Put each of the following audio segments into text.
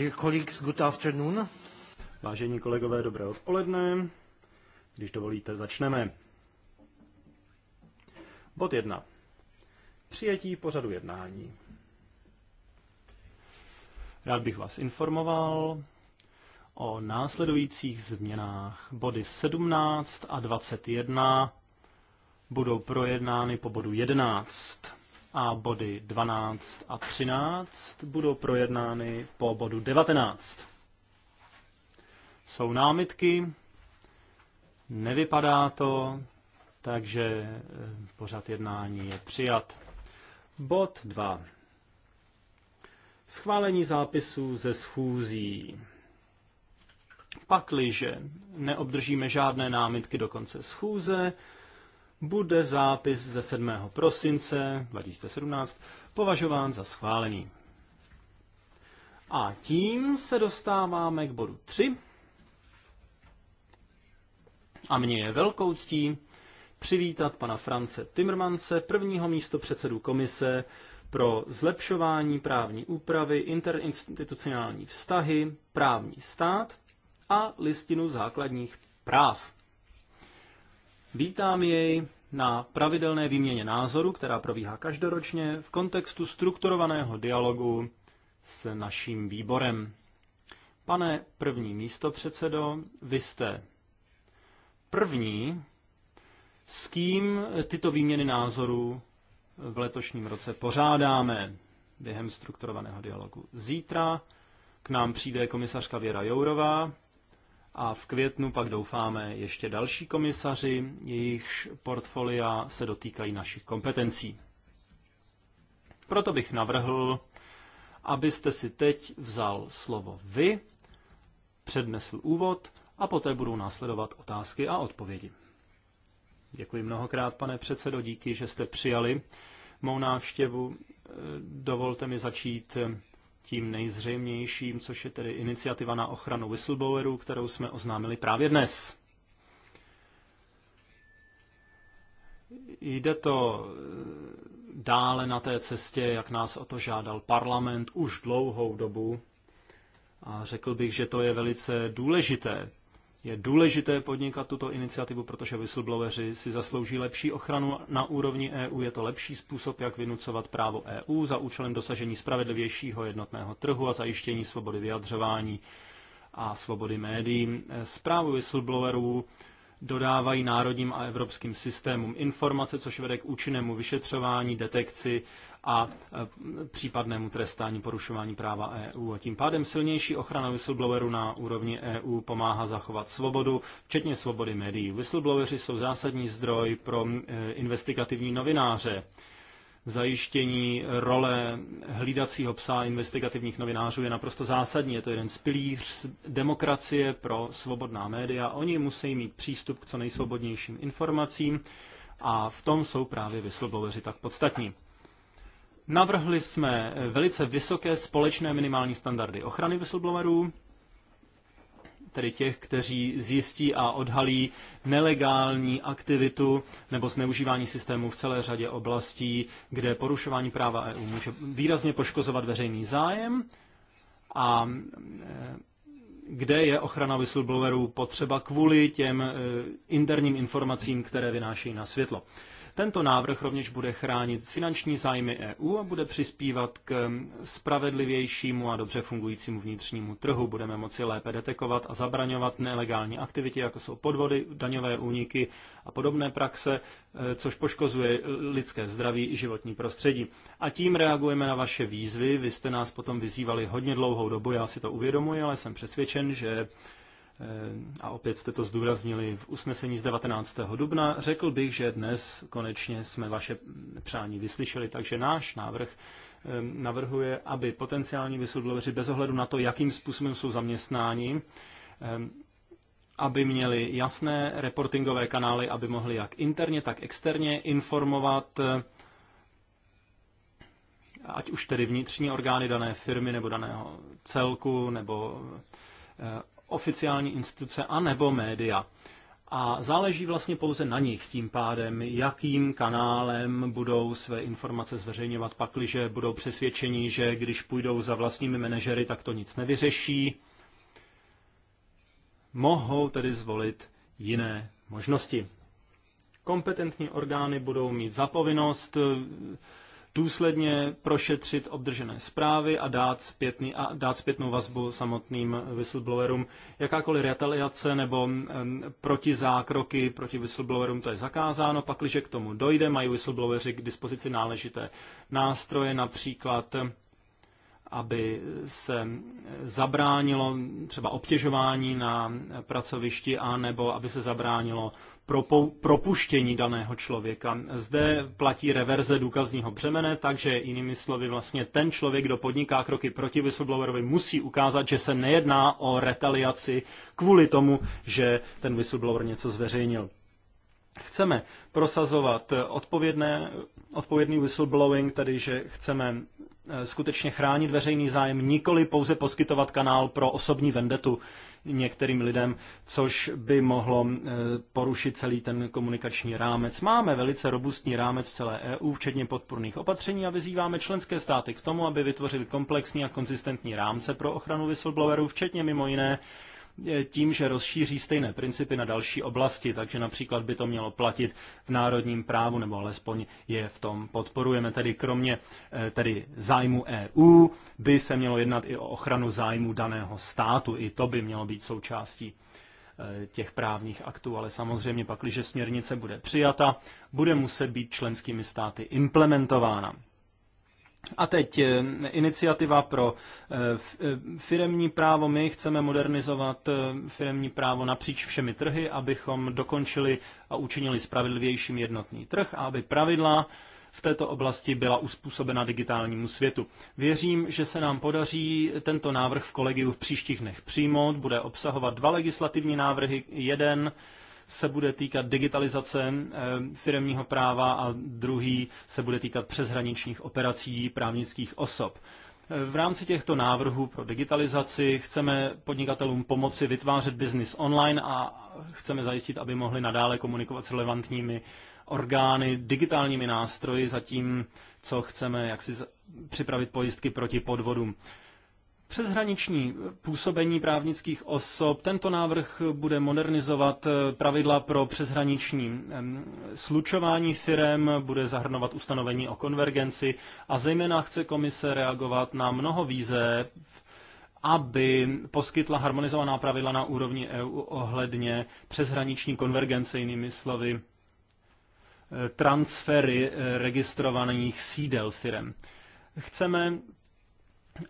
Dear colleagues, good afternoon. Vážení kolegové, dobré odpoledne. Když dovolíte, začneme. Bod 1. Přijetí pořadu jednání. Rád bych vás informoval o následujících změnách. Body 17 a 21 budou projednány po bodu 11 a body 12 a 13 budou projednány po bodu 19. Jsou námitky, nevypadá to, takže eh, pořad jednání je přijat. Bod 2. Schválení zápisů ze schůzí. Pakliže neobdržíme žádné námitky do konce schůze, bude zápis ze 7. prosince 2017 považován za schválený. A tím se dostáváme k bodu 3. A mně je velkou ctí přivítat pana France Timmermanse, prvního místo předsedu komise pro zlepšování právní úpravy, interinstitucionální vztahy, právní stát a listinu základních práv. Vítám jej na pravidelné výměně názoru, která probíhá každoročně v kontextu strukturovaného dialogu s naším výborem. Pane první místopředsedo, vy jste první, s kým tyto výměny názorů v letošním roce pořádáme během strukturovaného dialogu. Zítra k nám přijde komisařka Věra Jourová, a v květnu pak doufáme ještě další komisaři, jejichž portfolia se dotýkají našich kompetencí. Proto bych navrhl, abyste si teď vzal slovo vy, přednesl úvod a poté budou následovat otázky a odpovědi. Děkuji mnohokrát, pane předsedo, díky, že jste přijali mou návštěvu. Dovolte mi začít tím nejzřejmějším, což je tedy iniciativa na ochranu whistleblowerů, kterou jsme oznámili právě dnes. Jde to eh, dále na té cestě, jak nás o to žádal parlament už dlouhou dobu. A řekl bych, že to je velice důležité, je důležité podnikat tuto iniciativu, protože whistlebloweri si zaslouží lepší ochranu na úrovni EU. Je to lepší způsob, jak vynucovat právo EU za účelem dosažení spravedlivějšího jednotného trhu a zajištění svobody vyjadřování a svobody médií. Zprávu whistleblowerů dodávají národním a evropským systémům informace, což vede k účinnému vyšetřování, detekci a e, případnému trestání porušování práva EU. A tím pádem silnější ochrana whistleblowerů na úrovni EU pomáhá zachovat svobodu, včetně svobody médií. Whistlebloweri jsou zásadní zdroj pro e, investigativní novináře zajištění role hlídacího psa investigativních novinářů je naprosto zásadní. Je to jeden z pilíř demokracie pro svobodná média. Oni musí mít přístup k co nejsvobodnějším informacím a v tom jsou právě whistlebloweri tak podstatní. Navrhli jsme eh, velice vysoké společné minimální standardy ochrany whistleblowerů, tedy těch, kteří zjistí a odhalí nelegální aktivitu nebo zneužívání systému v celé řadě oblastí, kde porušování práva EU může výrazně poškozovat veřejný zájem a eh, kde je ochrana whistleblowerů potřeba kvůli těm eh, interním informacím, které vynáší na světlo. Tento návrh rovněž bude chránit finanční zájmy EU a bude přispívat k spravedlivějšímu a dobře fungujícímu vnitřnímu trhu. Budeme moci lépe detekovat a zabraňovat nelegální aktivity, jako jsou podvody, daňové úniky a podobné praxe, eh, což poškozuje lidské zdraví i životní prostředí. A tím reagujeme na vaše výzvy. Vy jste nás potom vyzývali hodně dlouhou dobu, já si to uvědomuji, ale jsem přesvědčen, že Eh, a opět jste to zdůraznili v usnesení z 19. dubna, řekl bych, že dnes konečně jsme vaše přání vyslyšeli, takže náš návrh eh, navrhuje, aby potenciální vysudloveři bez ohledu na to, jakým způsobem jsou zaměstnáni, eh, aby měli jasné reportingové kanály, aby mohli jak interně, tak externě informovat ať už tedy vnitřní orgány dané firmy nebo daného celku nebo oficiální instituce anebo média. A záleží vlastně pouze na nich tím pádem, jakým kanálem budou své informace zveřejňovat, pakliže budou přesvědčeni, že když půjdou za vlastními manažery, tak to nic nevyřeší. Mohou tedy zvolit jiné možnosti. Kompetentní orgány budou mít zapovinnost důsledně prošetřit obdržené zprávy a dát, zpětný, a dát zpětnou vazbu samotným whistleblowerům. Jakákoliv retaliace nebo protizákroky proti whistleblowerům, to je zakázáno. Pakliže k tomu dojde, mají whistlebloweri k dispozici náležité nástroje, například aby se zabránilo třeba obtěžování na pracovišti a nebo aby se zabránilo propuštění daného člověka. Zde platí reverze důkazního břemene, takže jinými slovy vlastně ten člověk, kdo podniká kroky proti whistleblowerovi, musí ukázat, že se nejedná o retaliaci kvůli tomu, že ten whistleblower něco zveřejnil. Chceme prosazovat odpovědné, odpovědný whistleblowing, tedy že chceme Eh, skutečně chránit veřejný zájem, nikoli pouze poskytovat kanál pro osobní vendetu některým lidem, což by mohlo eh, porušit celý ten komunikační rámec. Máme velice robustní rámec v celé EU, včetně podporných opatření a vyzýváme členské státy k tomu, aby vytvořili komplexní a konzistentní rámce pro ochranu whistleblowerů, včetně mimo jiné tím, že rozšíří stejné principy na další oblasti, takže například by to mělo platit v národním právu, nebo alespoň je v tom podporujeme. Tedy kromě eh, tedy zájmu EU by se mělo jednat i o ochranu zájmu daného státu. I to by mělo být součástí eh, těch právních aktů, ale samozřejmě pak, když směrnice bude přijata, bude muset být členskými státy implementována. A teď eh, iniciativa pro eh, eh, firemní právo. My chceme modernizovat firemní právo napříč všemi trhy, abychom dokončili a učinili spravedlivějším jednotný trh a aby pravidla v této oblasti byla uspůsobena digitálnímu světu. Věřím, že se nám podaří tento návrh v kolegiu v příštích dnech přijmout. Bude obsahovat dva legislativní návrhy, jeden se bude týkat digitalizace eh, firmního práva a druhý se bude týkat přeshraničních operací právnických osob. Eh, v rámci těchto návrhů pro digitalizaci chceme podnikatelům pomoci vytvářet biznis online a chceme zajistit, aby mohli nadále komunikovat s relevantními orgány digitálními nástroji, zatím co chceme jak si připravit pojistky proti podvodům. Přeshraniční působení právnických osob. Tento návrh bude modernizovat eh, pravidla pro přeshraniční slučování firem, bude zahrnovat ustanovení o konvergenci a zejména chce komise reagovat na mnoho víze, aby poskytla harmonizovaná pravidla na úrovni EU ohledně přeshraniční konvergence, jinými slovy, eh, transfery eh, registrovaných sídel firem. Chceme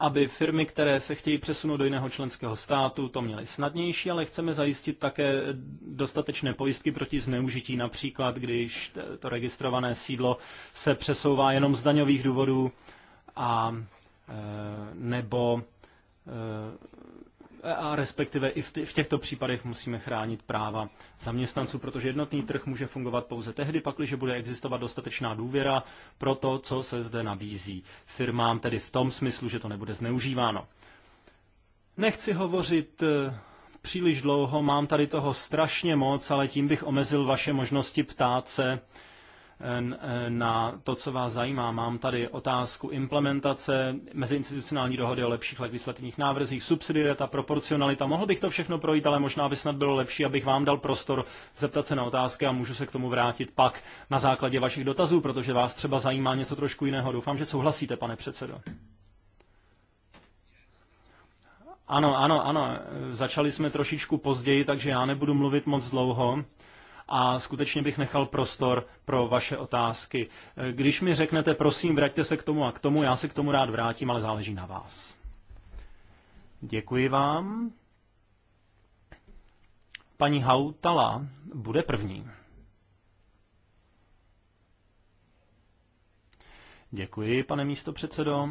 aby firmy, které se chtějí přesunout do jiného členského státu, to měly snadnější, ale chceme zajistit také dostatečné pojistky proti zneužití, například když to registrované sídlo se přesouvá jenom z daňových důvodů a e, nebo e, a respektive i v, v těchto případech musíme chránit práva zaměstnanců, protože jednotný trh může fungovat pouze tehdy, pakliže bude existovat dostatečná důvěra pro to, co se zde nabízí firmám, tedy v tom smyslu, že to nebude zneužíváno. Nechci hovořit eh, příliš dlouho, mám tady toho strašně moc, ale tím bych omezil vaše možnosti ptát se na to, co vás zajímá. Mám tady otázku implementace meziinstitucionální dohody o lepších legislativních návrzích, subsidiarita, proporcionalita. Mohl bych to všechno projít, ale možná by snad bylo lepší, abych vám dal prostor zeptat se na otázky a můžu se k tomu vrátit pak na základě vašich dotazů, protože vás třeba zajímá něco trošku jiného. Doufám, že souhlasíte, pane předsedo. Ano, ano, ano. Začali jsme trošičku později, takže já nebudu mluvit moc dlouho a skutečně bych nechal prostor pro vaše otázky. Eh, když mi řeknete, prosím, vraťte se k tomu a k tomu, já se k tomu rád vrátím, ale záleží na vás. Děkuji vám. Paní Hautala bude první. Děkuji, pane místo předsedo.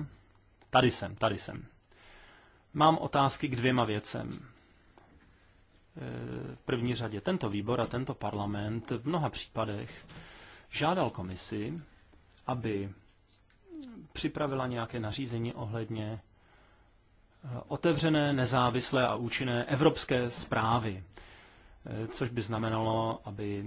Tady jsem, tady jsem. Mám otázky k dvěma věcem v první řadě tento výbor a tento parlament v mnoha případech žádal komisi, aby připravila nějaké nařízení ohledně eh, otevřené, nezávislé a účinné evropské zprávy což by znamenalo, aby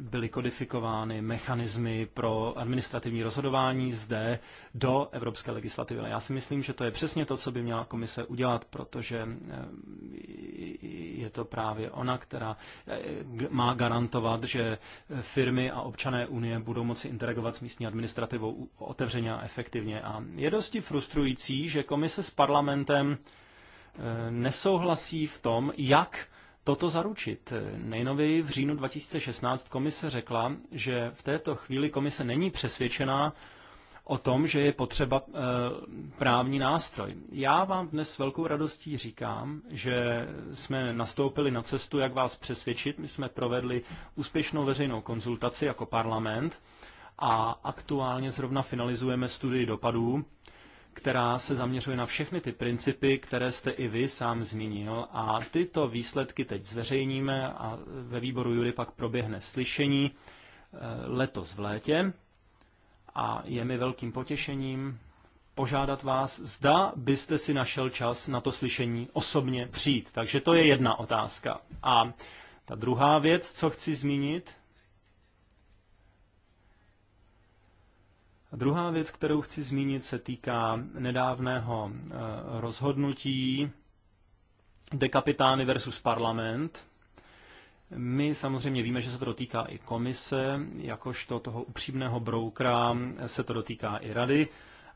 byly kodifikovány mechanismy pro administrativní rozhodování zde do evropské legislativy. Já si myslím, že to je přesně to, co by měla komise udělat, protože eh, je to právě ona, která eh, má garantovat, že firmy a občané Unie budou moci interagovat s místní administrativou otevřeně a efektivně. A je dosti frustrující, že komise s parlamentem eh, nesouhlasí v tom, jak toto zaručit. Nejnověji v říjnu 2016 komise řekla, že v této chvíli komise není přesvědčená o tom, že je potřeba eh, právní nástroj. Já vám dnes s velkou radostí říkám, že jsme nastoupili na cestu, jak vás přesvědčit. My jsme provedli úspěšnou veřejnou konzultaci jako parlament a aktuálně zrovna finalizujeme studii dopadů, která se zaměřuje na všechny ty principy, které jste i vy sám zmínil. A tyto výsledky teď zveřejníme a ve výboru Jury pak proběhne slyšení eh, letos v létě. A je mi velkým potěšením požádat vás, zda byste si našel čas na to slyšení osobně přijít. Takže to je jedna otázka. A ta druhá věc, co chci zmínit, druhá věc, kterou chci zmínit, se týká nedávného eh, rozhodnutí dekapitány versus parlament. My samozřejmě víme, že se to dotýká i komise, jakožto toho upřímného broukra se to dotýká i rady.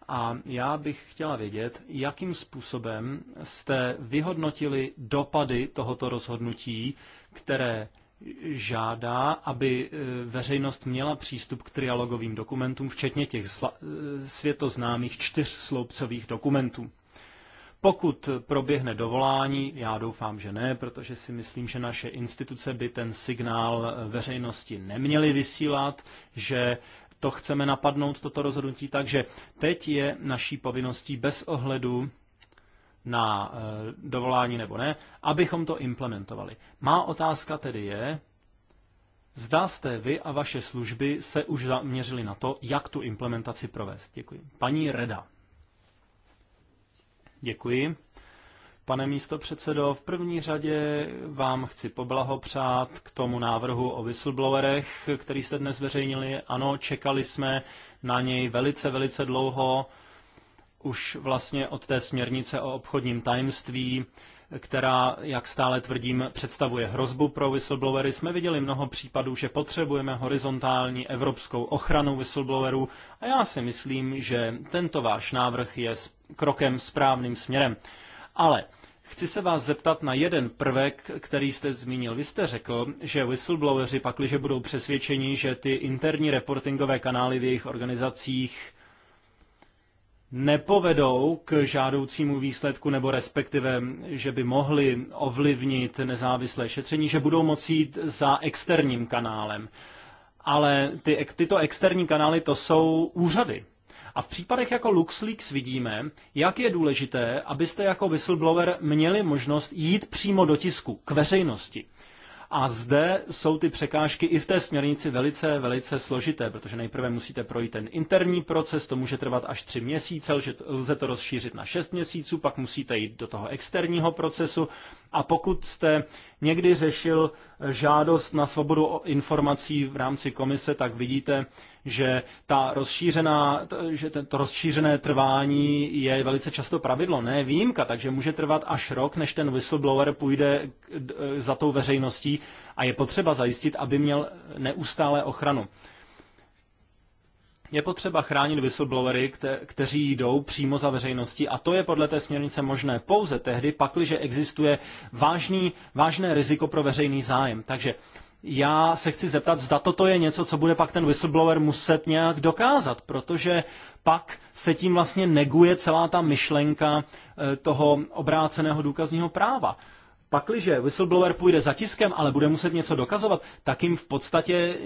A já bych chtěla vědět, jakým způsobem jste vyhodnotili dopady tohoto rozhodnutí, které žádá, aby e, veřejnost měla přístup k trialogovým dokumentům, včetně těch e, světoznámých čtyř sloupcových dokumentů. Pokud proběhne dovolání, já doufám, že ne, protože si myslím, že naše instituce by ten signál e, veřejnosti neměly vysílat, že to chceme napadnout, toto rozhodnutí. Takže teď je naší povinností bez ohledu na eh, dovolání nebo ne, abychom to implementovali. Má otázka tedy je, zda jste vy a vaše služby se už zaměřili na to, jak tu implementaci provést. Děkuji. Paní Reda. Děkuji. Pane místo předsedo, v první řadě vám chci poblahopřát k tomu návrhu o whistleblowerech, který jste dnes zveřejnili. Ano, čekali jsme na něj velice, velice dlouho už vlastně od té směrnice o obchodním tajemství, která, jak stále tvrdím, představuje hrozbu pro whistleblowery, jsme viděli mnoho případů, že potřebujeme horizontální evropskou ochranu whistleblowerů a já si myslím, že tento váš návrh je krokem správným směrem. Ale Chci se vás zeptat na jeden prvek, který jste zmínil. Vy jste řekl, že whistlebloweri pakliže budou přesvědčeni, že ty interní reportingové kanály v jejich organizacích nepovedou k žádoucímu výsledku, nebo respektive, že by mohli ovlivnit nezávislé šetření, že budou moci jít za externím kanálem. Ale ty, tyto externí kanály to jsou úřady. A v případech jako LuxLeaks vidíme, jak je důležité, abyste jako whistleblower měli možnost jít přímo do tisku, k veřejnosti. A zde jsou ty překážky i v té směrnici velice, velice složité, protože nejprve musíte projít ten interní proces, to může trvat až tři měsíce, lze to rozšířit na šest měsíců, pak musíte jít do toho externího procesu a pokud jste někdy řešil eh, žádost na svobodu informací v rámci komise, tak vidíte, že, ta rozšířená, že to rozšířené trvání je velice často pravidlo, ne výjimka, takže může trvat až rok, než ten whistleblower půjde eh, za tou veřejností a je potřeba zajistit, aby měl neustále ochranu. Je potřeba chránit whistleblowery, kte- kteří jdou přímo za veřejností a to je podle té směrnice možné pouze tehdy, pakliže existuje vážný, vážné riziko pro veřejný zájem. Takže já se chci zeptat, zda toto je něco, co bude pak ten whistleblower muset nějak dokázat, protože pak se tím vlastně neguje celá ta myšlenka eh, toho obráceného důkazního práva. Pakliže whistleblower půjde za tiskem, ale bude muset něco dokazovat, tak jim, v podstatě,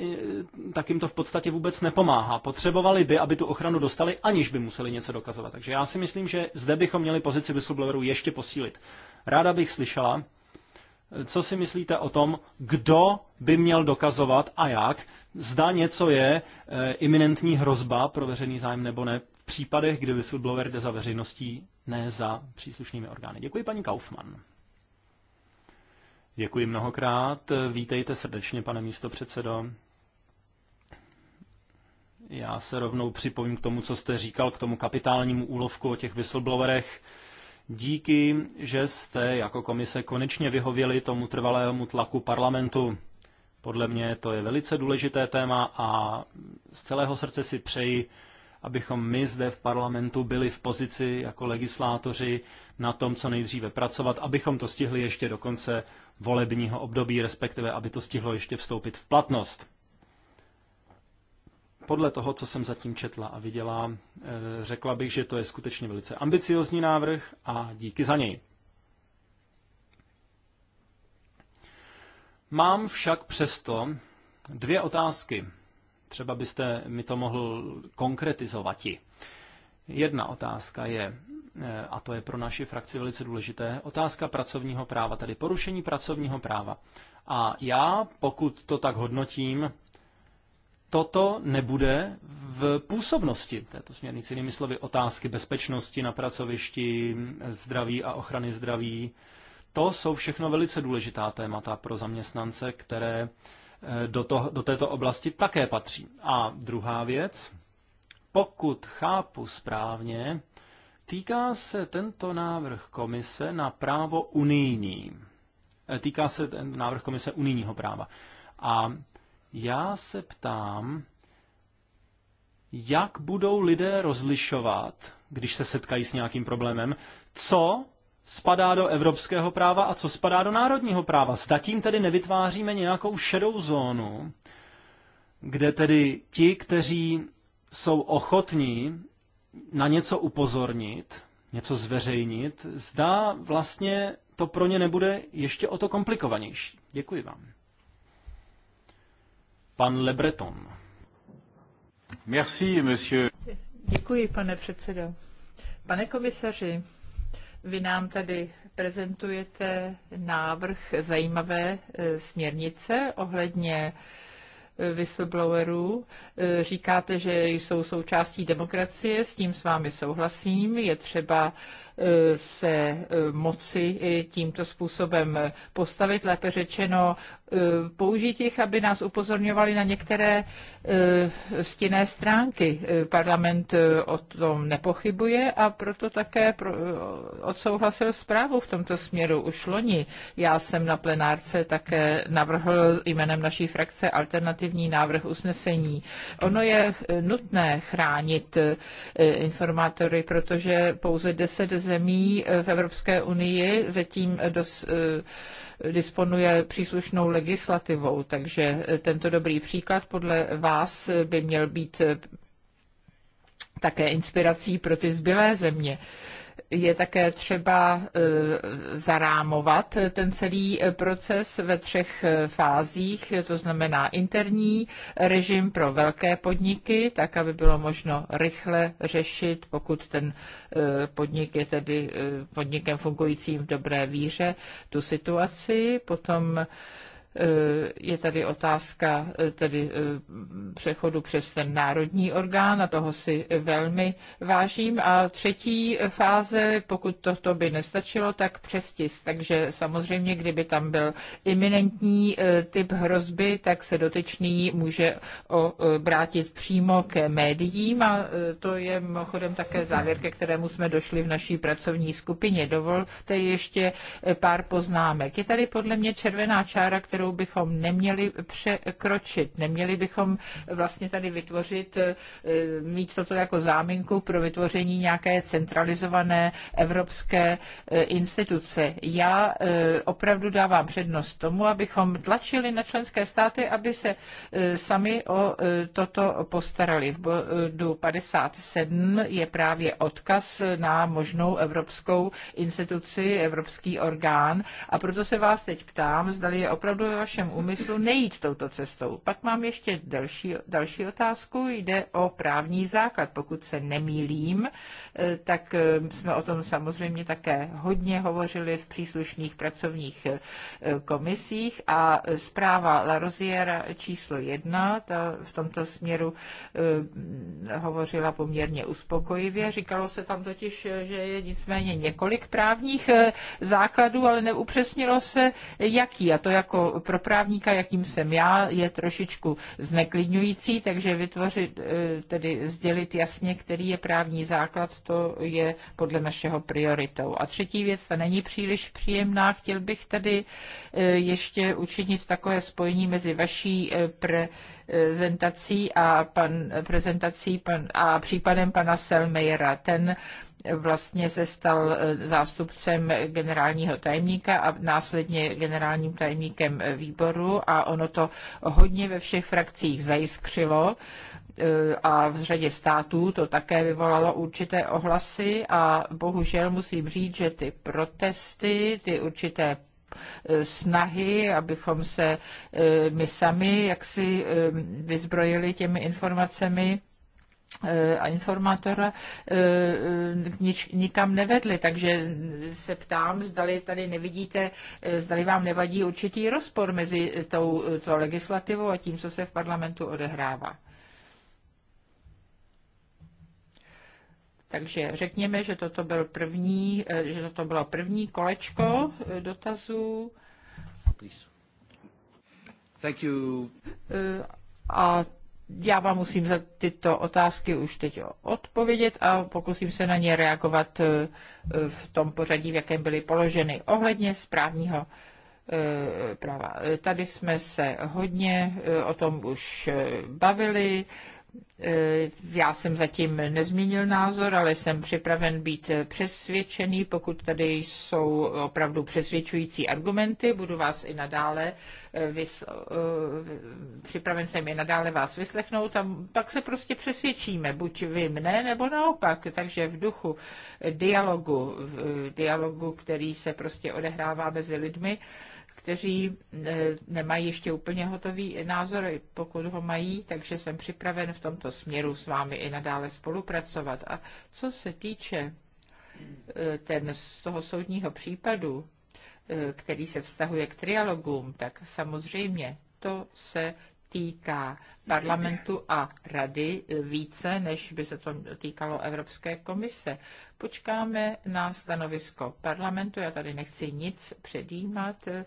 tak jim to v podstatě vůbec nepomáhá. Potřebovali by, aby tu ochranu dostali, aniž by museli něco dokazovat. Takže já si myslím, že zde bychom měli pozici whistleblowerů ještě posílit. Ráda bych slyšela, co si myslíte o tom, kdo by měl dokazovat a jak, zda něco je e, iminentní hrozba pro veřejný zájem nebo ne, v případech, kdy whistleblower jde za veřejností, ne za příslušnými orgány. Děkuji paní Kaufmann. Děkuji mnohokrát. Vítejte srdečně, pane místo předsedo. Já se rovnou připojím k tomu, co jste říkal, k tomu kapitálnímu úlovku o těch whistleblowerech. Díky, že jste jako komise konečně vyhověli tomu trvalému tlaku parlamentu. Podle mě to je velice důležité téma a z celého srdce si přeji, abychom my zde v parlamentu byli v pozici jako legislátoři na tom, co nejdříve pracovat, abychom to stihli ještě do konce volebního období, respektive aby to stihlo ještě vstoupit v platnost. Podle toho, co jsem zatím četla a viděla, eh, řekla bych, že to je skutečně velice ambiciozní návrh a díky za něj. Mám však přesto dvě otázky. Třeba byste mi to mohl konkretizovat. Jedna otázka je, Eh, a to je pro naši frakci velice důležité, otázka pracovního práva, tedy porušení pracovního práva. A já, pokud to tak hodnotím, toto nebude v působnosti této směrnice. Jinými slovy, otázky bezpečnosti na pracovišti, zdraví a ochrany zdraví, to jsou všechno velice důležitá témata pro zaměstnance, které eh, do, to, do této oblasti také patří. A druhá věc, pokud chápu správně, Týká se tento návrh komise na právo unijní. E, týká se ten návrh komise unijního práva. A já se ptám, jak budou lidé rozlišovat, když se setkají s nějakým problémem, co spadá do evropského práva a co spadá do národního práva. Zda tím tedy nevytváříme nějakou šedou zónu, kde tedy ti, kteří jsou ochotní na něco upozornit, něco zveřejnit, zdá vlastně to pro ně nebude ještě o to komplikovanější. Děkuji vám. Pan Lebreton. Merci, monsieur. Děkuji, pane předsedo. Pane komisaři, vy nám tady prezentujete návrh zajímavé e, směrnice ohledně whistleblowerů. E, říkáte, že jsou součástí demokracie, s tím s vámi souhlasím. Je třeba se eh, moci tímto způsobem postavit, lépe řečeno eh, použít jich, aby nás upozorňovali na některé eh, stinné stránky. Parlament o tom nepochybuje a proto také odsouhlasil zprávu v tomto směru už loni. Já jsem na plenárce také navrhl jménem naší frakce alternativní návrh usnesení. Ono je nutné chránit informátory, protože pouze 10 z zemí v Evropské unii zatím dos, eh, disponuje příslušnou legislativou, takže eh, tento dobrý příklad podle vás eh, by měl být také inspirací pro ty zbylé země je také třeba e, zarámovat ten celý e, proces ve třech e, fázích, to znamená interní režim pro velké podniky, tak aby bylo možno rychle řešit, pokud ten podnik je tedy podnikem fungujícím v dobré víře, tu situaci. Potom Eh, je tady otázka eh, tedy eh, přechodu přes ten národní orgán a toho si velmi vážím. A třetí fáze, pokud toto by nestačilo, tak přestis. Takže samozřejmě, kdyby tam byl iminentní typ hrozby, tak se dotyčný může obrátit přímo ke médiím a to je mimochodem také závěr, ke kterému jsme došli v naší pracovní skupině. Dovolte ještě pár poznámek. Je tady podle mě červená čára, která kterou bychom neměli překročit. Neměli bychom vlastně tady vytvořit, eh, mít toto jako záminku pro vytvoření nějaké centralizované evropské eh, instituce. Já eh, opravdu dávám přednost tomu, abychom tlačili na členské státy, aby se sami o toto postarali. V bodu 57 je právě odkaz na možnou evropskou instituci, evropský orgán. A proto se vás teď ptám, zdali je opravdu ve vašem úmyslu nejít touto cestou? Pak mám ještě další, další otázku. Jde o právní základ. Pokud se nemýlím, eh, tak eh, jsme o tom samozřejmě také hodně hovořili v příslušných pracovních eh, komisích a zpráva La Rosiera číslo jedna, ta v tomto směru hovořila poměrně uspokojivě. Říkalo se tam totiž, že je nicméně několik právních základů, ale neupřesnilo se, jaký. A to jako pro právníka, jakým jsem já, je trošičku zneklidňující, takže vytvořit, eh, tedy sdělit jasně, který je právní základ, to je podle našeho prioritou. A třetí věc, ta není příliš příjemná, chtěl bych tady eh, ještě učinit takové spojení mezi vaší eh, pre prezentací a, pan, prezentací pan, a případem pana Selmejera. Ten vlastně se stal e, zástupcem generálního tajemníka a následně generálním tajemníkem výboru a ono to hodně ve všech frakcích zajiskřilo e, a v řadě států to také vyvolalo určité ohlasy a bohužel musím říct, že ty protesty, ty určité Eh, snahy, abychom se eh, my sami jaksi eh, vyzbrojili těmi informacemi a informátora nič, nikam nevedli. Takže se ptám, zdali tady nevidíte, zdali vám nevadí určitý rozpor mezi tou, tou legislativou a tím, co se v parlamentu odehrává. Takže řekněme, že toto, byl první, eh, že toto bylo první kolečko eh, dotazů. Thank you. Eh, a já vám musím za tyto otázky už teď odpovědět a pokusím se na ně reagovat v tom pořadí, v jakém byly položeny. Ohledně správního práva. Tady jsme se hodně o tom už bavili. Eh, já jsem zatím nezměnil názor, ale jsem připraven být přesvědčený. Pokud tady jsou opravdu přesvědčující argumenty, budu vás i nadále eh, vys... Eh, připraven jsem i nadále vás vyslechnout a pak se prostě přesvědčíme, buď vy mne, nebo naopak. Takže v duchu dialogu, v dialogu, který se prostě odehrává mezi lidmi, kteří e, nemají ještě úplně hotový názor, pokud ho mají, takže jsem připraven v tomto směru s vámi i nadále spolupracovat. A co se týče e, ten, z toho soudního případu, e, který se vztahuje k trialogům, tak samozřejmě to se týká parlamentu a rady více, než by se to týkalo Evropské komise. Počkáme na stanovisko parlamentu. Já tady nechci nic předjímat, eh,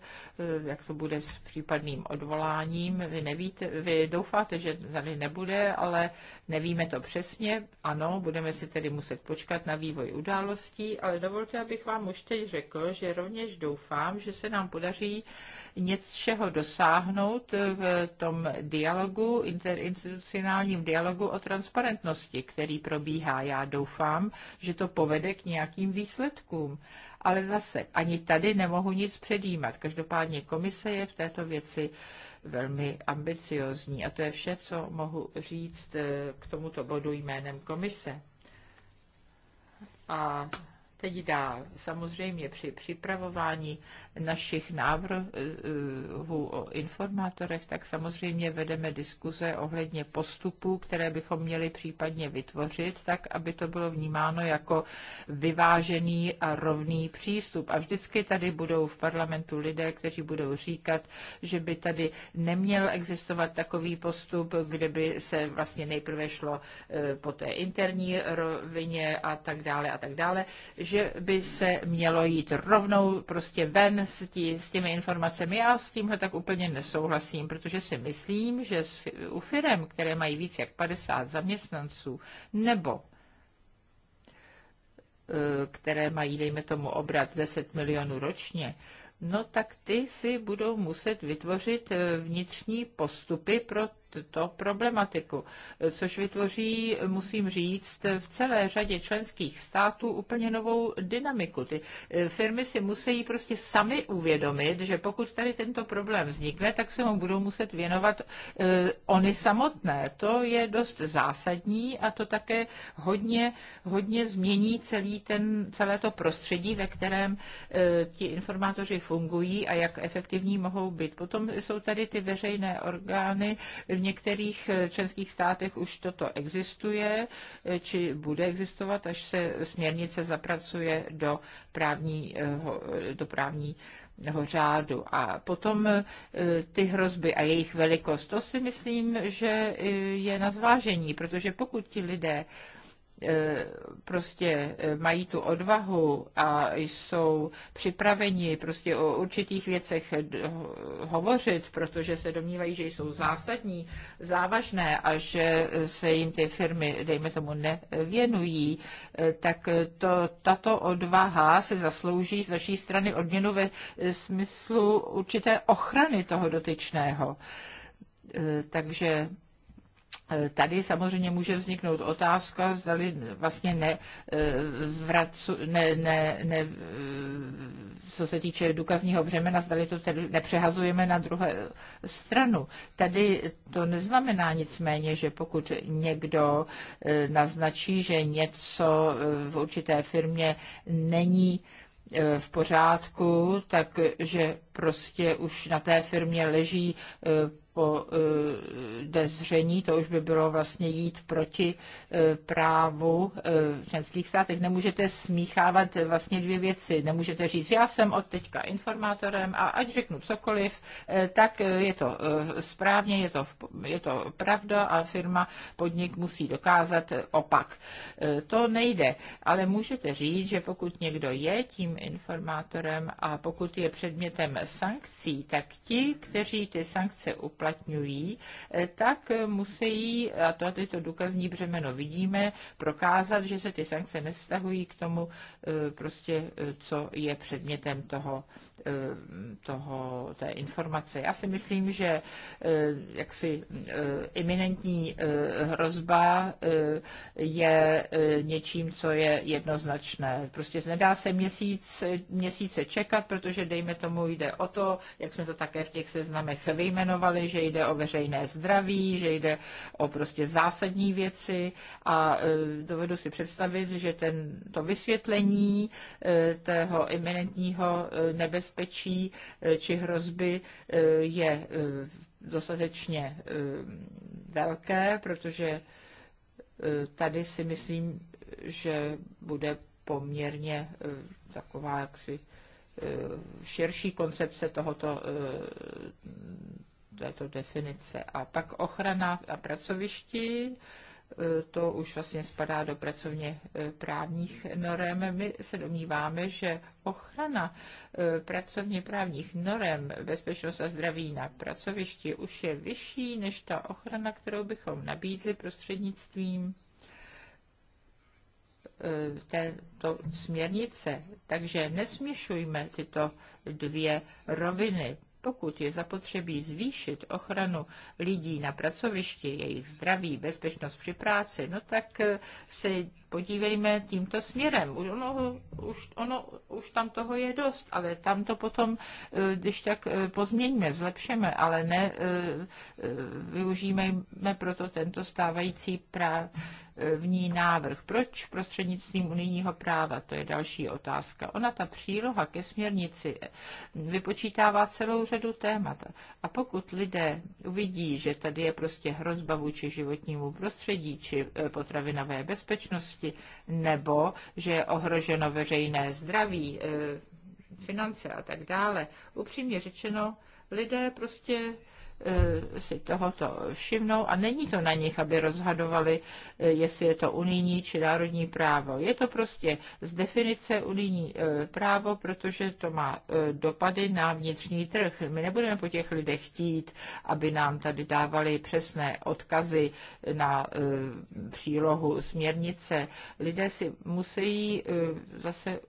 jak to bude s případným odvoláním. Vy, nevíte, vy doufáte, že tady nebude, ale nevíme to přesně. Ano, budeme si tedy muset počkat na vývoj událostí, ale dovolte, abych vám už teď řekl, že rovněž doufám, že se nám podaří něčeho dosáhnout v tom dialogu, interinstitucionálním dialogu o transparentnosti, který probíhá. Já doufám, že to povede k nějakým výsledkům. Ale zase ani tady nemohu nic předjímat. Každopádně komise je v této věci velmi ambiciozní. A to je vše, co mohu říct eh, k tomuto bodu jménem komise. A teď dál. Samozřejmě při připravování našich návrhů o informátorech, tak samozřejmě vedeme diskuze ohledně postupů, které bychom měli případně vytvořit, tak aby to bylo vnímáno jako vyvážený a rovný přístup. A vždycky tady budou v parlamentu lidé, kteří budou říkat, že by tady neměl existovat takový postup, kde by se vlastně nejprve šlo eh, po té interní rovině a tak dále a tak dále, že by se mělo jít rovnou prostě ven s, tí, s těmi informacemi. Já s tímhle tak úplně nesouhlasím, protože si myslím, že s, u firm, které mají víc jak 50 zaměstnanců, nebo e, které mají, dejme tomu, obrat 10 milionů ročně, no tak ty si budou muset vytvořit e, vnitřní postupy pro tuto problematiku, což vytvoří, musím říct, v celé řadě členských států úplně novou dynamiku. Ty eh, firmy si musí prostě sami uvědomit, že pokud tady tento problém vznikne, tak se mu budou muset věnovat eh, oni samotné. To je dost zásadní a to také hodně, hodně změní celý ten, celé to prostředí, ve kterém eh, ti informátoři fungují a jak efektivní mohou být. Potom jsou tady ty veřejné orgány, některých eh, členských státech už toto existuje, eh, či bude existovat, až se směrnice zapracuje do, právní, eh, do právního řádu. A potom ty hrozby a jejich velikost, to si myslím, že je na zvážení, protože pokud ti lidé E, prostě e, mají tu odvahu a jsou připraveni prostě o určitých věcech hovořit, protože se domnívají, že jsou zásadní, závažné a že se jim ty firmy, dejme tomu, nevěnují, e, tak to, tato odvaha se zaslouží z naší strany odměnu ve smyslu určité ochrany toho dotyčného. Takže Eh, tady samozřejmě může vzniknout otázka, zda vlastně ne, eh, zvracu, ne, ne, ne, eh, co se týče důkazního břemena, zda to tedy nepřehazujeme na druhé stranu. Tady to neznamená nicméně, že pokud někdo naznačí, že něco v určité firmě není v pořádku, takže prostě už na té firmě leží e, po e, dezření, to už by bylo vlastně jít proti e, právu v členských státech. Nemůžete smíchávat vlastně dvě věci. Nemůžete říct, já jsem od teďka informátorem a ať řeknu cokoliv, tak je to správně, je to, je to pravda a firma, podnik musí dokázat opak. To nejde, ale můžete říct, že pokud někdo je tím informátorem a pokud je předmětem sankcí, tak ti, kteří ty sankce uplatňují, eh, tak musí, a to tyto důkazní břemeno vidíme, prokázat, že se ty sankce nestahují k tomu, eh, prostě, eh, co je předmětem toho, toho, té informace. Já si myslím, že jaksi iminentní hrozba je něčím, co je jednoznačné. Prostě nedá se měsíc, měsíce čekat, protože dejme tomu jde o to, jak jsme to také v těch seznamech vyjmenovali, že jde o veřejné zdraví, že jde o prostě zásadní věci a e, dovedu si představit, že ten, to vysvětlení e, tého iminentního e, nebezpečí či hrozby je dostatečně velké, protože tady si myslím, že bude poměrně taková jaksi Eh, širší koncepce tohoto, eh, této definice. A pak ochrana a pracovišti, eh, to už vlastně spadá do pracovně právních norem. My se domníváme, že ochrana pracovně právních norem bezpečnost a zdraví na pracovišti už je vyšší než ta ochrana, kterou bychom nabídli prostřednictvím Eh, této směrnice. Takže nesměšujme tyto dvě roviny. Pokud je zapotřebí zvýšit ochranu lidí na pracovišti, jejich zdraví, bezpečnost při práci, no tak eh, se podívejme tímto směrem. Ono už, ono, už tam toho je dost, ale tam to potom, eh, když tak pozměňme, zlepšeme, ale ne využijeme proto tento stávající práv, v ní návrh. Proč prostřednictvím unijního práva? To je další otázka. Ona, ta příloha ke směrnici, vypočítává celou řadu témat. A pokud lidé uvidí, že tady je prostě hrozba vůči životnímu prostředí či e, potravinové bezpečnosti, nebo že je ohroženo veřejné zdraví, e, finance a tak dále, upřímně řečeno, lidé prostě Eh, si tohoto všimnou a není to na nich, aby rozhadovali, eh, jestli je to unijní či národní právo. Je to prostě z definice unijní eh, právo, protože to má dopady na vnitřní trh. My nebudeme po těch lidech chtít, aby nám tady dávali přesné odkazy na přílohu směrnice. Lidé si musí zase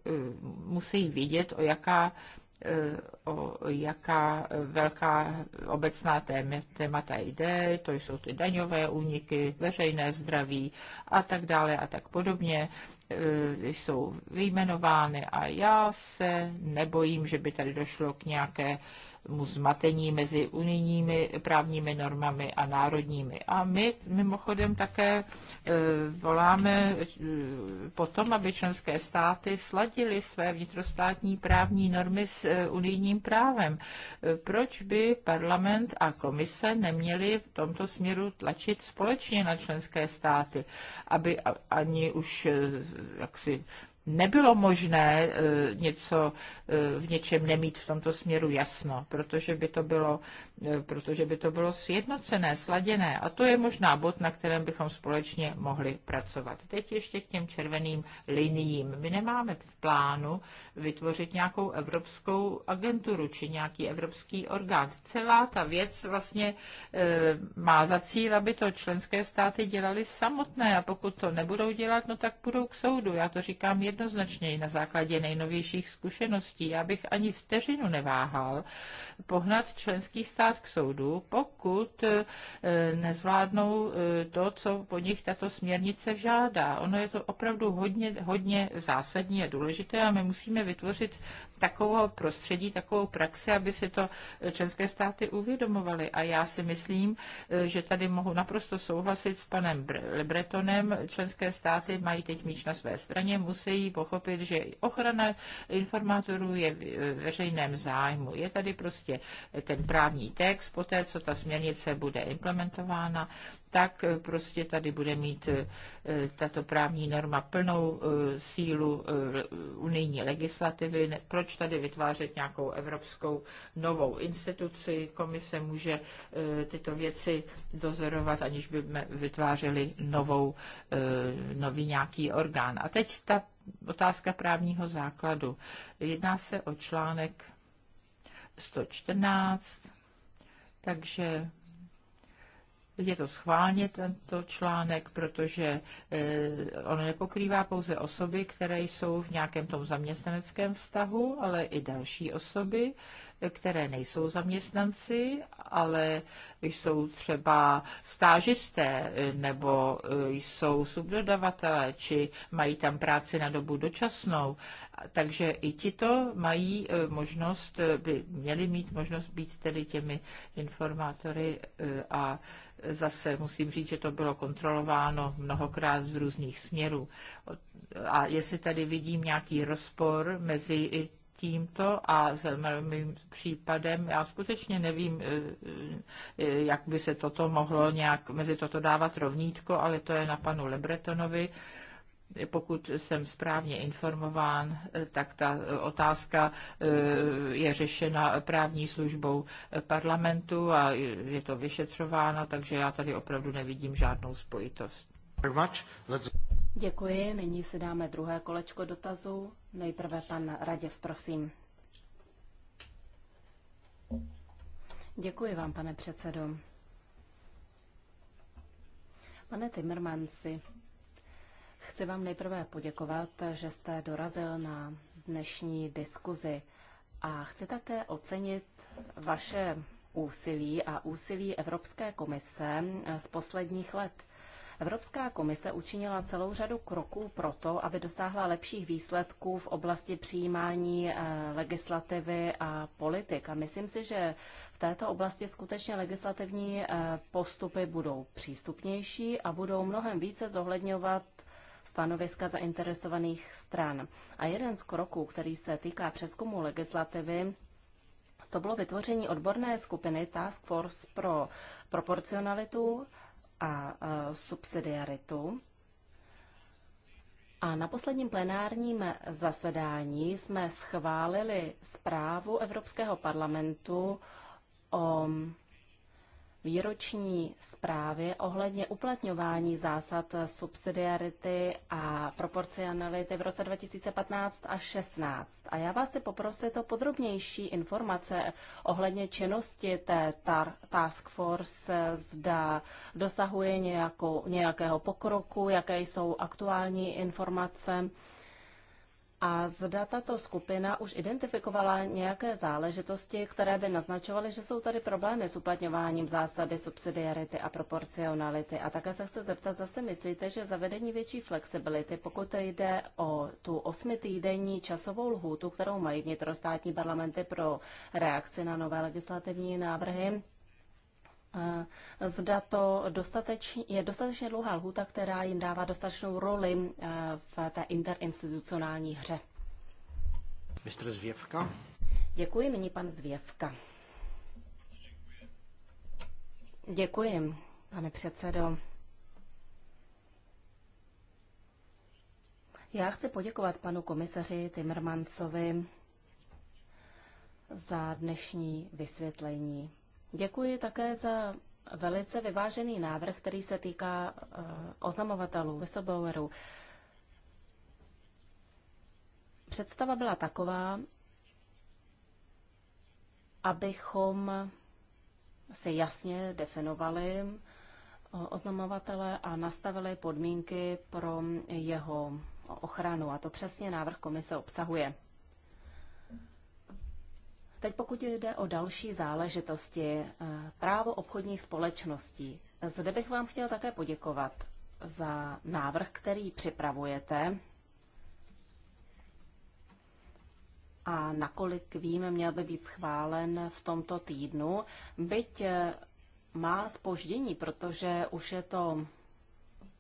musí vidět, o jaká Eh, o jaká velká obecná témata jde, to jsou ty daňové úniky, veřejné zdraví a tak dále a tak podobně, eh, jsou vyjmenovány a já se nebojím, že by tady došlo k nějaké mu zmatení mezi unijními právními normami a národními. A my mimochodem také e, voláme e, potom, aby členské státy sladily své vnitrostátní právní normy s e, unijním právem. Proč by parlament a komise neměli v tomto směru tlačit společně na členské státy, aby ani už jaksi nebylo možné eh, něco eh, v něčem nemít v tomto směru jasno, protože by to bylo, eh, protože by to bylo sjednocené, sladěné. A to je možná bod, na kterém bychom společně mohli pracovat. Teď ještě k těm červeným liniím. My nemáme v plánu vytvořit nějakou evropskou agenturu či nějaký evropský orgán. Celá ta věc vlastně má za cíl, aby to členské státy dělali samotné a pokud to nebudou dělat, no tak budou k soudu. Já to říkám je jednoznačněji na základě nejnovějších zkušeností. Já bych ani vteřinu neváhal pohnat členský stát k soudu, pokud eh, nezvládnou eh, to, co po nich tato směrnice žádá. Ono je to opravdu hodně, hodně zásadní a důležité a my musíme vytvořit takovou prostředí, takovou praxi, aby si to eh, členské státy uvědomovaly. A já si myslím, že tady mohu naprosto souhlasit s panem Bretonem. Členské státy mají teď míč na své straně, musí musí pochopit, že ochrana informátorů je e, v veřejném zájmu. Je tady prostě ten právní text, poté co ta směrnice bude implementována, tak eh, prostě tady bude mít eh, eh, tato právní norma plnou sílu unijní legislativy. Proč tady vytvářet nějakou evropskou novou instituci? Komise může tyto věci dozorovat, aniž by vytvářeli novou, nový nějaký orgán. A teď ta otázka právního základu. Jedná se o článek 114, takže je to schválně tento článek, protože eh, on nepokrývá pouze osoby, které jsou v nějakém tom zaměstnaneckém vztahu, ale i další osoby, eh, které nejsou zaměstnanci, ale jsou třeba stážisté eh, nebo jsou subdodavatelé, či mají tam práci na dobu dočasnou. Takže i tito mají možnost, by měli mít možnost být tedy těmi informátory a zase musím říct, že to bylo kontrolováno mnohokrát z různých směrů. A jestli tady vidím nějaký rozpor mezi tímto a s mým případem, já skutečně nevím, eh, eh, jak by se toto mohlo nějak mezi toto dávat rovnítko, ale to je na panu Lebretonovi pokud jsem správně informován, tak ta otázka eh, je řešena právní službou parlamentu a je to vyšetřováno, takže já tady opravdu nevidím žádnou spojitost. Děkuji. Nyní si dáme druhé kolečko dotazů. Nejprve pan Raděv, prosím. Děkuji vám, pane předsedo. Pane Timmermansi, Chci vám nejprve poděkovat, že jste dorazil na dnešní diskuzi a chci také ocenit vaše úsilí a úsilí Evropské komise z posledních let. Evropská komise učinila celou řadu kroků pro to, aby dosáhla lepších výsledků v oblasti přijímání eh, legislativy a politik. A myslím si, že v této oblasti skutečně legislativní eh, postupy budou přístupnější a budou mnohem více zohledňovat stanoviska zainteresovaných stran. A jeden z kroků, který se týká přeskumu legislativy, to bylo vytvoření odborné skupiny Task Force pro proporcionalitu a e, subsidiaritu. A na posledním plenárním zasedání jsme schválili zprávu Evropského parlamentu o výroční zprávy ohledně uplatňování zásad subsidiarity a proporcionality v roce 2015 a 16. A já vás si poprosit o podrobnější informace ohledně činnosti té tar- task force, zda dosahuje nějakou, nějakého pokroku, jaké jsou aktuální informace a zda tato skupina už identifikovala nějaké záležitosti, které by naznačovaly, že jsou tady problémy s uplatňováním zásady subsidiarity a proporcionality. A také se chce zeptat, zase myslíte, že zavedení větší flexibility, pokud jde o tu osmitýdenní časovou lhůtu, kterou mají vnitrostátní parlamenty pro reakci na nové legislativní návrhy, Eh, zda to dostateč, je dostatečně dlouhá lhůta, která jim dává dostatečnou roli eh, v té interinstitucionální hře. Mistr Zvěvka. Děkuji, nyní pan Zvěvka. Děkuji, pane předsedo. Já chci poděkovat panu komisaři Timmermansovi za dnešní vysvětlení. Děkuji také za velice vyvážený návrh, který se týká eh, oznamovatelů, whistleblowerů. Představa byla taková, abychom si jasně definovali eh, oznamovatele a nastavili podmínky pro jeho ochranu. A to přesně návrh komise obsahuje. Teď pokud jde o další záležitosti, eh, právo obchodních společností. Zde bych vám chtěl také poděkovat za návrh, který připravujete. A nakolik vím, měl by být schválen v tomto týdnu, byť eh, má spoždění, protože už je to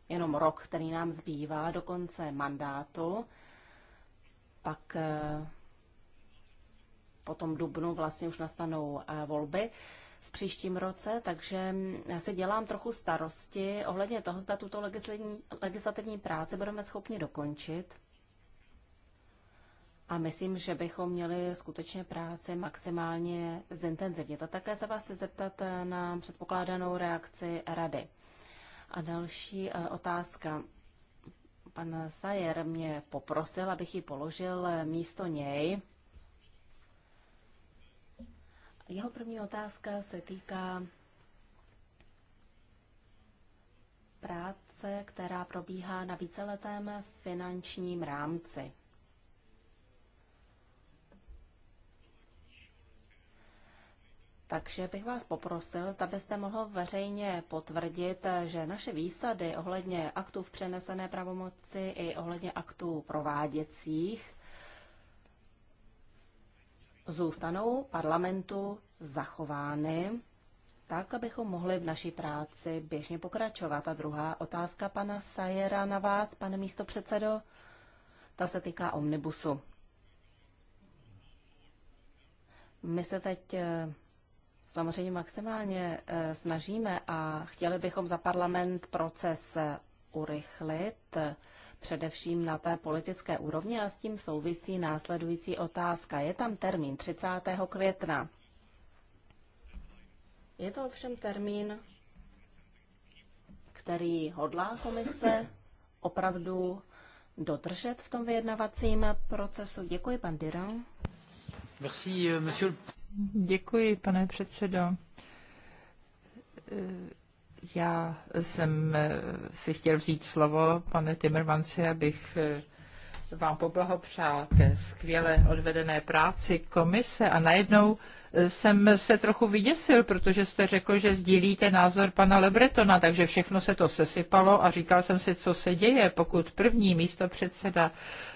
jenom rok, který nám zbývá do konce mandátu. Pak eh, po tom dubnu vlastně už nastanou eh, volby v příštím roce, takže já si dělám trochu starosti ohledně toho, zda tuto legislativní, legislativní práci budeme schopni dokončit. A myslím, že bychom měli skutečně práci maximálně zintenzivnit. A také se vás chci zeptat eh, na předpokládanou reakci rady. A další eh, otázka. Pan Sajer mě poprosil, abych ji položil místo něj. Jeho první otázka se týká práce, která probíhá na víceletém finančním rámci. Takže bych vás poprosil, zda byste mohl veřejně potvrdit, že naše výsady ohledně aktů v přenesené pravomoci i ohledně aktů prováděcích zůstanou parlamentu zachovány tak, abychom mohli v naší práci běžně pokračovat. A druhá otázka pana Sajera na vás, pane místopředsedo, ta se týká omnibusu. My se teď eh, samozřejmě maximálně eh, snažíme a chtěli bychom za parlament proces eh, urychlit především na té politické úrovni a s tím souvisí následující otázka. Je tam termín 30. května. Je to ovšem termín, který hodlá komise opravdu dodržet v tom vyjednavacím procesu. Děkuji, pan Diran. Merci, euh, monsieur. Děkuji, pane předsedo já jsem eh, si chtěl vzít slovo, pane Timmermansi, abych eh, vám poblahopřál ke skvěle odvedené práci komise a najednou jsem se trochu vyděsil, protože jste řekl, že sdílíte názor pana Lebretona, takže všechno se to sesypalo a říkal jsem si, co se děje, pokud první místo předseda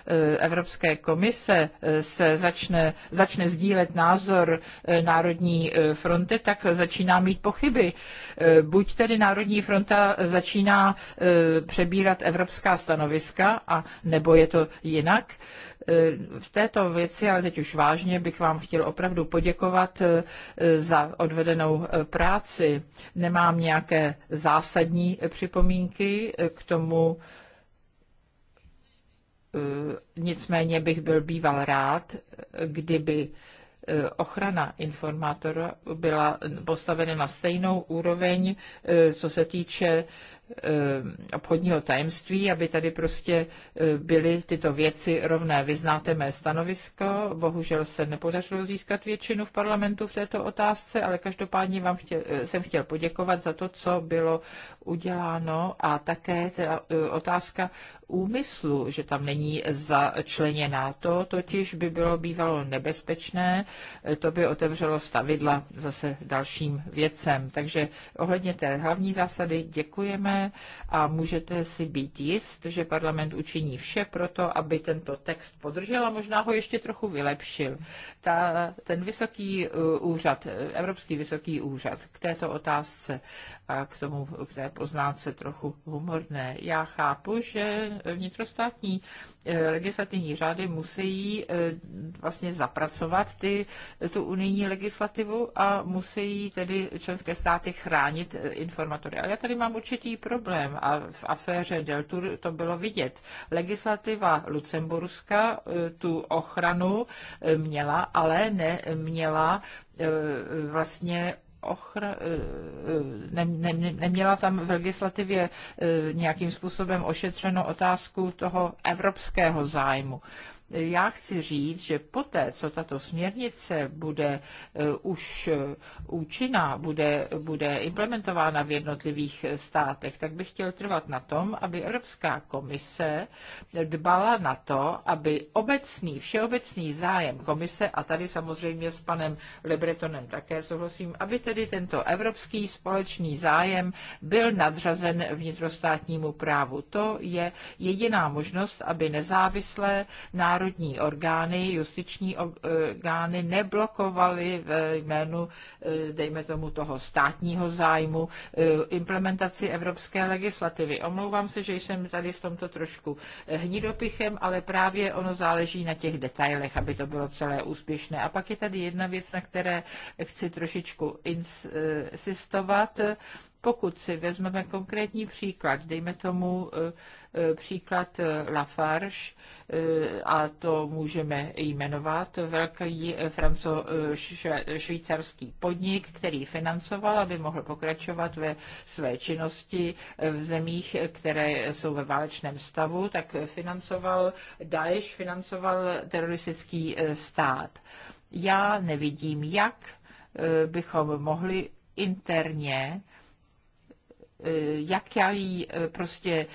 e, Evropské komise e, se začne, začne sdílet názor e, Národní fronty, tak začíná mít pochyby. Buď tedy Národní fronta začíná přebírat evropská stanoviska, a nebo je to jinak. E, v této věci, ale teď už vážně, bych vám chtěl opravdu poděkovat e, za odvedenou e, práci. Nemám nějaké zásadní připomínky k tomu, nicméně bych byl býval rád, kdyby ochrana informátora byla postavena na stejnou úroveň, co se týče Eh, obchodního tajemství, aby tady prostě eh, byly tyto věci rovné. Vy znáte mé stanovisko, bohužel se nepodařilo získat většinu v parlamentu v této otázce, ale každopádně vám chtěl, eh, jsem chtěl poděkovat za to, co bylo uděláno a také ta otázka úmyslu, že tam není začleněná. To totiž by bylo bývalo nebezpečné, to by otevřelo stavidla zase dalším věcem. Takže ohledně té hlavní zásady děkujeme a můžete si být jist, že parlament učiní vše pro to, aby tento text podržel a možná ho ještě trochu vylepšil. Ta, ten vysoký eh, úřad, Evropský vysoký úřad k této otázce a k, tomu, k té poznámce trochu humorné. Já chápu, že vnitrostátní eh, legislativní řády musí eh, vlastně zapracovat ty, tu unijní legislativu a musí tedy členské státy chránit informatory. Ale já tady mám určitý problém a v aféře Deltur to bylo vidět. Legislativa Lucemburska eh, tu ochranu eh, měla, ale neměla eh, vlastně ochra, ne, ne, neměla tam v legislativě nějakým způsobem ošetřeno otázku toho evropského zájmu já chci říct, že poté, co tato směrnice bude e, už e, účinná, bude, bude implementována v jednotlivých státech, tak bych chtěl trvat na tom, aby Evropská komise dbala na to, aby obecný, všeobecný zájem komise, a tady samozřejmě s panem Lebretonem také souhlasím, aby tedy tento evropský společný zájem byl nadřazen vnitrostátnímu právu. To je jediná možnost, aby nezávislé národní národní orgány, justiční orgány neblokovaly v jménu, eh, dejme tomu, toho státního zájmu eh, implementaci evropské legislativy. Omlouvám se, že jsem tady v tomto trošku eh, hnidopichem, ale právě ono záleží na těch detailech, aby to bylo celé úspěšné. A pak je tady jedna věc, na které chci trošičku insistovat. Pokud si vezmeme konkrétní příklad, dejme tomu eh, eh, příklad eh, Lafarge, a to můžeme jmenovat, velký franco švýcarský podnik, který financoval, aby mohl pokračovat ve své činnosti v zemích, které jsou ve válečném stavu, tak financoval Daesh, financoval teroristický stát. Já nevidím, jak bychom mohli interně Eh, jaký eh, prostě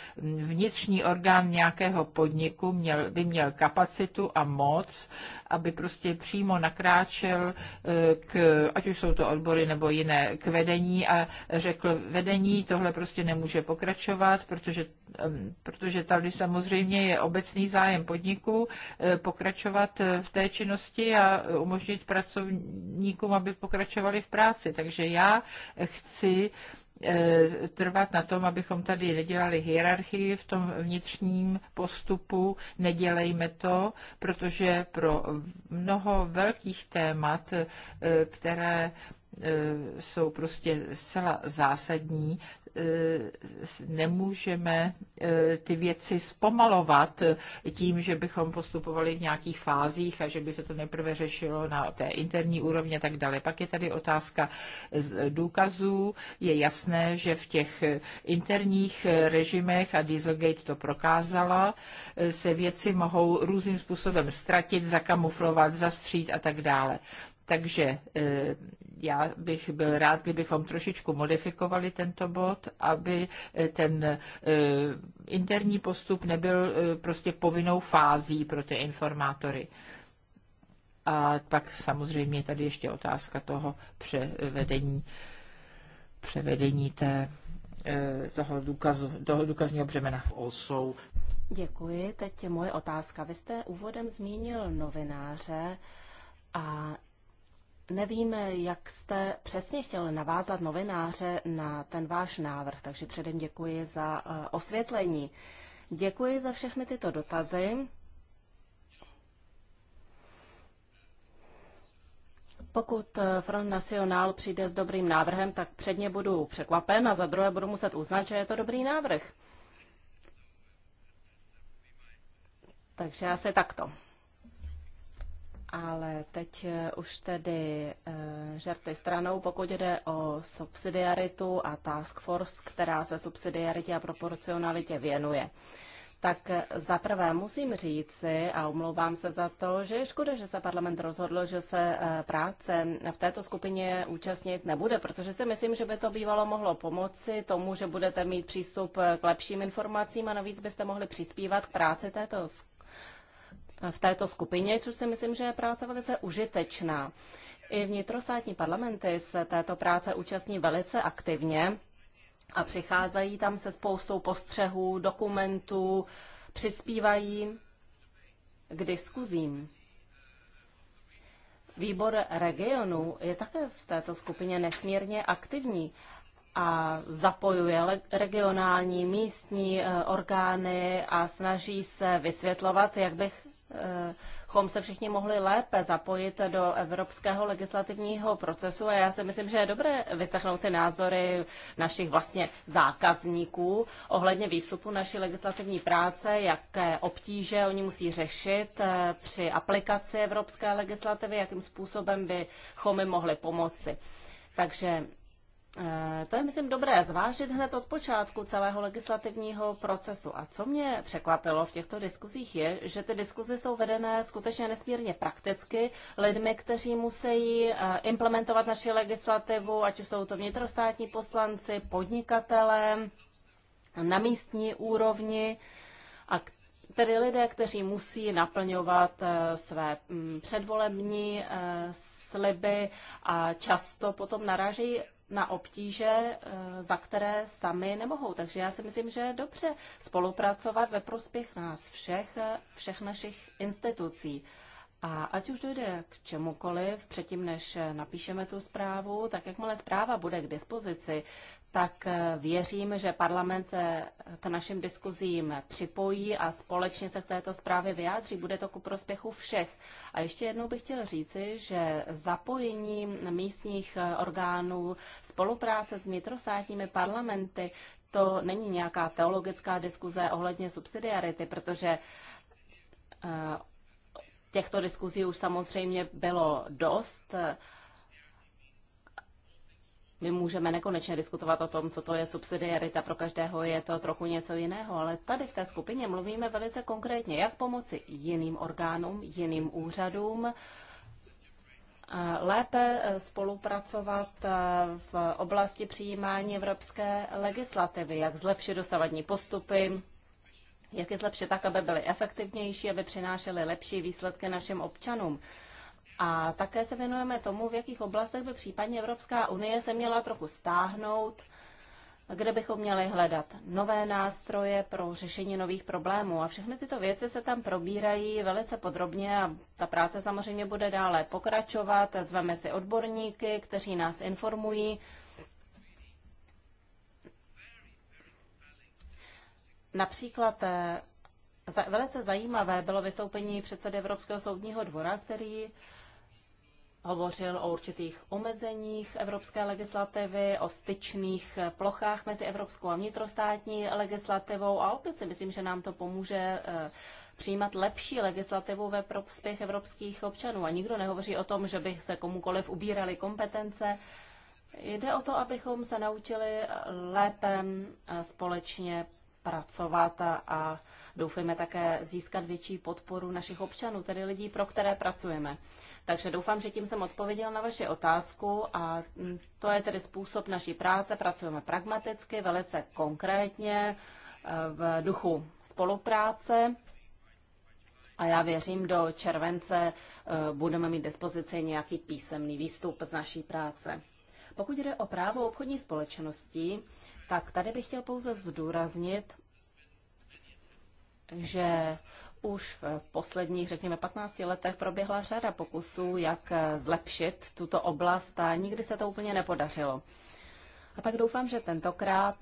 vnitřní orgán nějakého podniku měl, by měl kapacitu a moc, aby prostě přímo nakráčel eh, k, ať už jsou to odbory nebo jiné, k vedení a řekl vedení, tohle prostě nemůže pokračovat, protože Ehm, protože tady samozřejmě je obecný zájem podniku eh, pokračovat eh, v té činnosti a eh, umožnit pracovníkům, aby pokračovali v práci. Takže já chci trvat na tom, abychom tady nedělali hierarchii v tom vnitřním postupu, nedělejme to, protože pro mnoho velkých témat, které E, jsou prostě zcela zásadní. E, nemůžeme e, ty věci zpomalovat tím, že bychom postupovali v nějakých fázích a že by se to nejprve řešilo na té interní úrovni a tak dále. Pak je tady otázka důkazů. Je jasné, že v těch interních režimech, a Dieselgate to prokázala, se věci mohou různým způsobem ztratit, zakamuflovat, zastřít a tak dále. Takže já bych byl rád, kdybychom trošičku modifikovali tento bod, aby ten e, interní postup nebyl e, prostě povinnou fází pro ty informátory. A pak samozřejmě je tady ještě otázka toho převedení, převedení té, e, toho, důkazu, toho důkazního břemena. Also... Děkuji. Teď je moje otázka. Vy jste úvodem zmínil novináře a Nevím, jak jste přesně chtěl navázat novináře na ten váš návrh, takže předem děkuji za eh, osvětlení. Děkuji za všechny tyto dotazy. Pokud eh, Front National přijde s dobrým návrhem, tak předně budu překvapen a za druhé budu muset uznat, že je to dobrý návrh. Takže asi takto. Ale teď eh, už tedy eh, žerty stranou, pokud jde o subsidiaritu a task force, která se subsidiaritě a proporcionalitě věnuje. Tak eh, zaprvé musím říci, a omlouvám se za to, že je škoda, že se parlament rozhodl, že se práce v této skupině účastnit nebude, protože si myslím, že by to bývalo mohlo pomoci tomu, že budete mít přístup k lepším informacím a navíc byste mohli přispívat k práci této skupiny v této skupině, což si myslím, že je práce velice užitečná. I vnitrostátní parlamenty se této práce účastní velice aktivně a přicházejí tam se spoustou postřehů, dokumentů, přispívají k diskuzím. Výbor regionu je také v této skupině nesmírně aktivní a zapojuje regionální, místní eh, orgány a snaží se vysvětlovat, jak bych bychom se všichni mohli lépe zapojit do evropského legislativního procesu a já si myslím, že je dobré vyslechnout si názory našich vlastně zákazníků ohledně výstupu naší legislativní práce, jaké obtíže oni musí řešit eh, při aplikaci evropské legislativy, jakým způsobem bychom jim mohli pomoci. Takže Eh, to je, myslím, dobré zvážit hned od počátku celého legislativního procesu. A co mě překvapilo v těchto diskuzích je, že ty diskuzi jsou vedené skutečně nesmírně prakticky lidmi, kteří musí eh, implementovat naši legislativu, ať už jsou to vnitrostátní poslanci, podnikatele, na místní úrovni a tedy lidé, kteří musí naplňovat eh, své mm, předvolební sliby a často potom narážejí na obtíže, eh, za které sami nemohou. Takže já si myslím, že je dobře spolupracovat ve prospěch nás všech, eh, všech našich institucí. A ať už dojde k čemukoliv, předtím než napíšeme tu zprávu, tak jakmile zpráva bude k dispozici, tak eh, věřím, že parlament se k našim diskuzím připojí a společně se k této zprávě vyjádří. Bude to ku prospěchu všech. A ještě jednou bych chtěl říci, že zapojení místních eh, orgánů, spolupráce s vnitrostátními parlamenty, to není nějaká teologická diskuze ohledně subsidiarity, protože eh, Těchto diskuzí už samozřejmě bylo dost. My můžeme nekonečně diskutovat o tom, co to je subsidiarita, pro každého je to trochu něco jiného, ale tady v té skupině mluvíme velice konkrétně, jak pomoci jiným orgánům, jiným úřadům, lépe spolupracovat v oblasti přijímání evropské legislativy, jak zlepšit dosavadní postupy, jak je zlepšit tak, aby byly efektivnější, aby přinášely lepší výsledky našim občanům. A také se věnujeme tomu, v jakých oblastech by případně Evropská unie se měla trochu stáhnout, kde bychom měli hledat nové nástroje pro řešení nových problémů. A všechny tyto věci se tam probírají velice podrobně a ta práce samozřejmě bude dále pokračovat. Zveme si odborníky, kteří nás informují Například eh, velice zajímavé bylo vystoupení předsedy Evropského soudního dvora, který hovořil o určitých omezeních evropské legislativy, o styčných eh, plochách mezi evropskou a vnitrostátní legislativou a opět si myslím, že nám to pomůže eh, přijímat lepší legislativu ve prospěch evropských občanů. A nikdo nehovoří o tom, že by se komukoliv ubírali kompetence. Jde o to, abychom se naučili lépe společně pracovat a, a doufejme také získat větší podporu našich občanů, tedy lidí, pro které pracujeme. Takže doufám, že tím jsem odpověděl na vaši otázku a mm, to je tedy způsob naší práce. Pracujeme pragmaticky, velice konkrétně e, v duchu spolupráce a já věřím, do července e, budeme mít dispozici nějaký písemný výstup z naší práce. Pokud jde o právo obchodní společnosti, tak tady bych chtěl pouze zdůraznit, že už v posledních, řekněme, 15 letech proběhla řada pokusů, jak zlepšit tuto oblast a nikdy se to úplně nepodařilo. A tak doufám, že tentokrát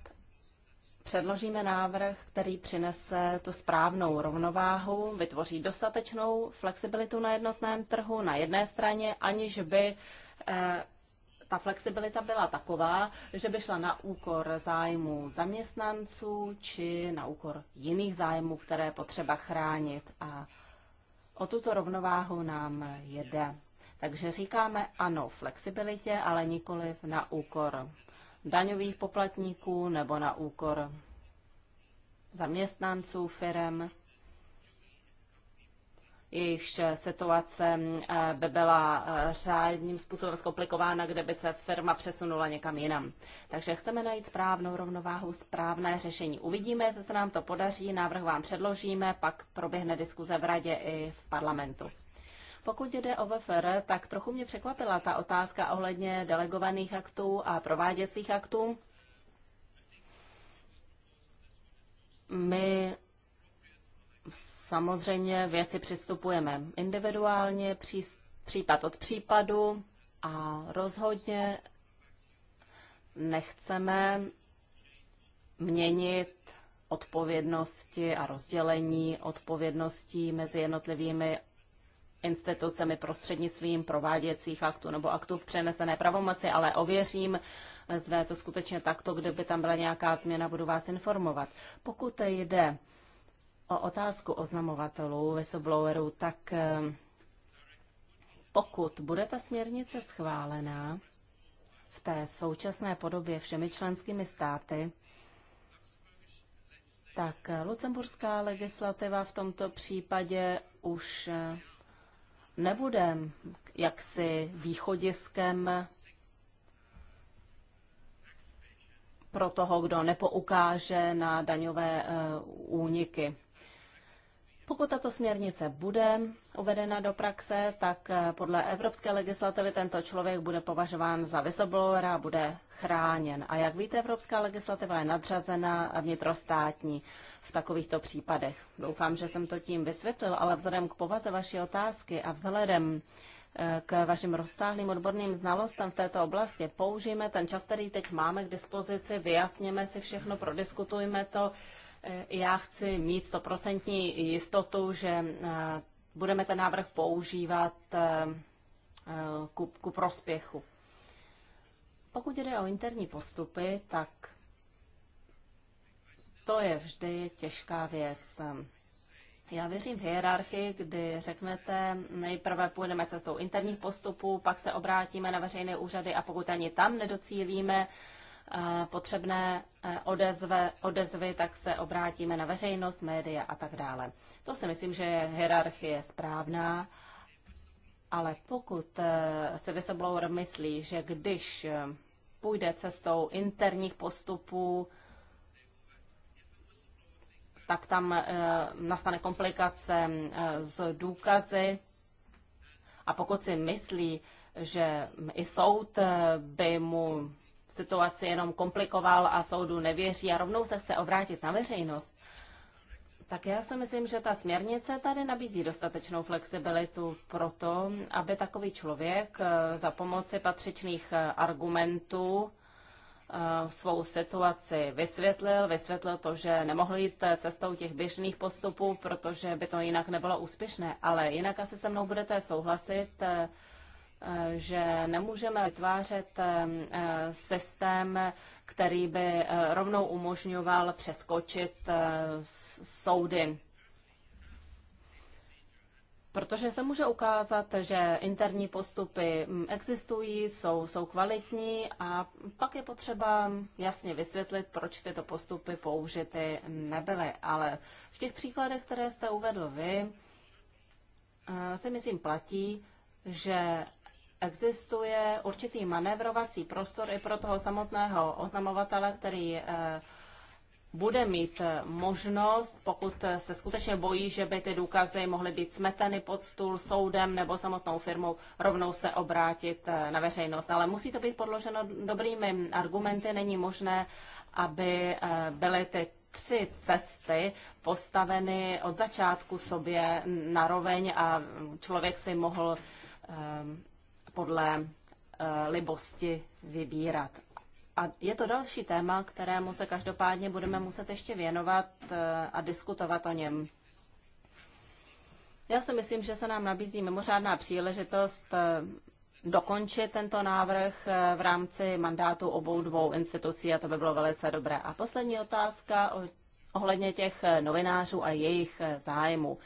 předložíme návrh, který přinese tu správnou rovnováhu, vytvoří dostatečnou flexibilitu na jednotném trhu na jedné straně, aniž by eh, ta flexibilita byla taková, že by šla na úkor zájmu zaměstnanců či na úkor jiných zájmů, které potřeba chránit. A o tuto rovnováhu nám jede. Takže říkáme ano flexibilitě, ale nikoliv na úkor daňových poplatníků nebo na úkor zaměstnanců firem jejichž situace eh, by byla eh, řádným způsobem zkomplikována, kde by se firma přesunula někam jinam. Takže chceme najít správnou rovnováhu, správné řešení. Uvidíme, jestli se nám to podaří, návrh vám předložíme, pak proběhne diskuze v radě i v parlamentu. Pokud jde o VFR, tak trochu mě překvapila ta otázka ohledně delegovaných aktů a prováděcích aktů. My samozřejmě věci přistupujeme individuálně, pří, případ od případu a rozhodně nechceme měnit odpovědnosti a rozdělení odpovědností mezi jednotlivými institucemi prostřednictvím prováděcích aktů nebo aktů v přenesené pravomoci, ale ověřím, zda je to skutečně takto, kdyby tam byla nějaká změna, budu vás informovat. Pokud jde o otázku oznamovatelů, whistleblowerů, tak eh, pokud bude ta směrnice schválená v té současné podobě všemi členskými státy, tak eh, lucemburská legislativa v tomto případě už eh, nebude jaksi východiskem pro toho, kdo nepoukáže na daňové úniky. Pokud tato směrnice bude uvedena do praxe, tak eh, podle evropské legislativy tento člověk bude považován za whistleblower a bude chráněn. A jak víte, evropská legislativa je nadřazena vnitrostátní v takovýchto případech. Doufám, že jsem to tím vysvětlil, ale vzhledem k povaze vaší otázky a vzhledem eh, k vašim rozsáhlým odborným znalostem v této oblasti. Použijeme ten čas, který teď máme k dispozici, vyjasněme si všechno, prodiskutujme to já chci mít stoprocentní jistotu, že eh, budeme ten návrh používat eh, ku, ku prospěchu. Pokud jde o interní postupy, tak to je vždy těžká věc. Já věřím v hierarchii, kdy řeknete, nejprve půjdeme cestou interních postupů, pak se obrátíme na veřejné úřady a pokud ani tam nedocílíme, potřebné eh, odezve, odezvy, tak se obrátíme na veřejnost, média a tak dále. To si myslím, že je hierarchie správná, ale pokud eh, se whistleblower myslí, že když eh, půjde cestou interních postupů, tak tam nastane komplikace z důkazy. A pokud si myslí, že i soud by mu situaci jenom komplikoval a soudu nevěří a rovnou se chce obrátit na veřejnost, tak já si myslím, že ta směrnice tady nabízí dostatečnou flexibilitu pro to, aby takový člověk eh, za pomoci patřičných eh, argumentů eh, svou situaci vysvětlil, vysvětlil to, že nemohl jít cestou těch běžných postupů, protože by to jinak nebylo úspěšné, ale jinak asi se mnou budete souhlasit, že nemůžeme vytvářet eh, systém, který by eh, rovnou umožňoval přeskočit eh, soudy. Protože se může ukázat, že interní postupy mm, existují, jsou, jsou kvalitní a pak je potřeba jasně vysvětlit, proč tyto postupy použity nebyly. Ale v těch příkladech, které jste uvedl vy, si myslím platí, že existuje určitý manévrovací prostor i pro toho samotného oznamovatele, který eh, bude mít eh, možnost, pokud se skutečně bojí, že by ty důkazy mohly být smeteny pod stůl soudem nebo samotnou firmou, rovnou se obrátit eh, na veřejnost. Ale musí to být podloženo dobrými argumenty. Není možné, aby byly ty tři cesty postaveny od začátku sobě na roveň a člověk si mohl podle eh, libosti vybírat. A je to další téma, kterému se každopádně budeme muset ještě věnovat eh, a diskutovat o něm. Já si myslím, že se nám nabízí mimořádná příležitost eh, dokončit tento návrh v rámci mandátu obou dvou institucí a to by bylo velice dobré. A poslední otázka o ohledně těch novinářů a jejich zájmu.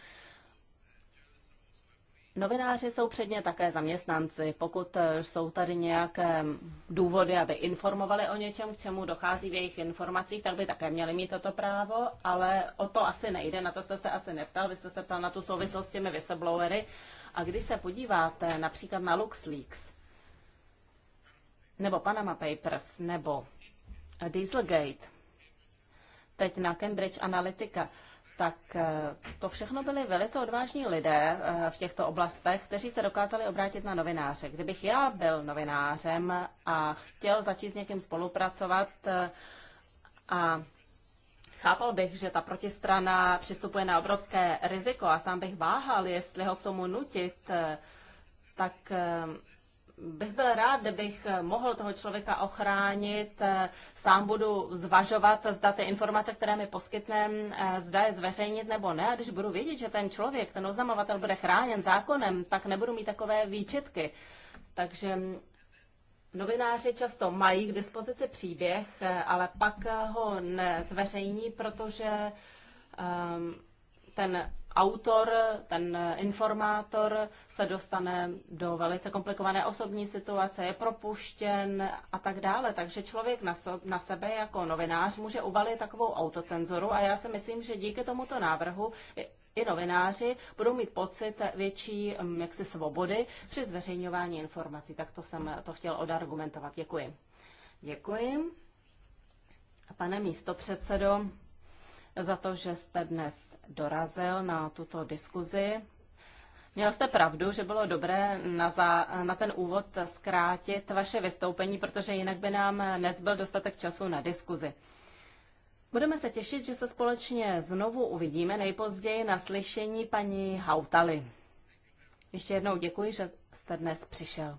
Novináři jsou předně také zaměstnanci. Pokud eh, jsou tady nějaké důvody, aby informovali o něčem, k čemu dochází v jejich informacích, tak by také měli mít toto právo, ale o to asi nejde, na to jste se asi neptal, vy jste se ptal na tu souvislost s těmi whistleblowery. A když se podíváte například na LuxLeaks, nebo Panama Papers, nebo Dieselgate, teď na Cambridge Analytica, tak eh, to všechno byli velice odvážní lidé eh, v těchto oblastech, kteří se dokázali obrátit na novináře. Kdybych já byl novinářem a chtěl začít s někým spolupracovat eh, a chápal bych, že ta protistrana přistupuje na obrovské riziko a sám bych váhal, jestli ho k tomu nutit, tak bych byl rád, kdybych mohl toho člověka ochránit. Sám budu zvažovat, zda ty informace, které mi poskytne, zda je zveřejnit nebo ne. A když budu vědět, že ten člověk, ten oznamovatel bude chráněn zákonem, tak nebudu mít takové výčitky. Takže Novináři často mají k dispozici příběh, ale pak ho nezveřejní, protože um, ten autor, ten informátor se dostane do velice komplikované osobní situace, je propuštěn a tak dále. Takže člověk na, so, na sebe jako novinář může uvalit takovou autocenzoru a já si myslím, že díky tomuto návrhu i novináři budou mít pocit větší mm, jaksi svobody při zveřejňování informací. Tak to jsem to chtěl odargumentovat. Děkuji. Děkuji. Pane místopředsedo, za to, že jste dnes dorazil na tuto diskuzi. Měl jste pravdu, že bylo dobré na, za, na ten úvod zkrátit vaše vystoupení, protože jinak by nám nezbyl dostatek času na diskuzi. Budeme se těšit, že se společně znovu uvidíme nejpozději na slyšení paní Hautaly. Ještě jednou děkuji, že jste dnes přišel.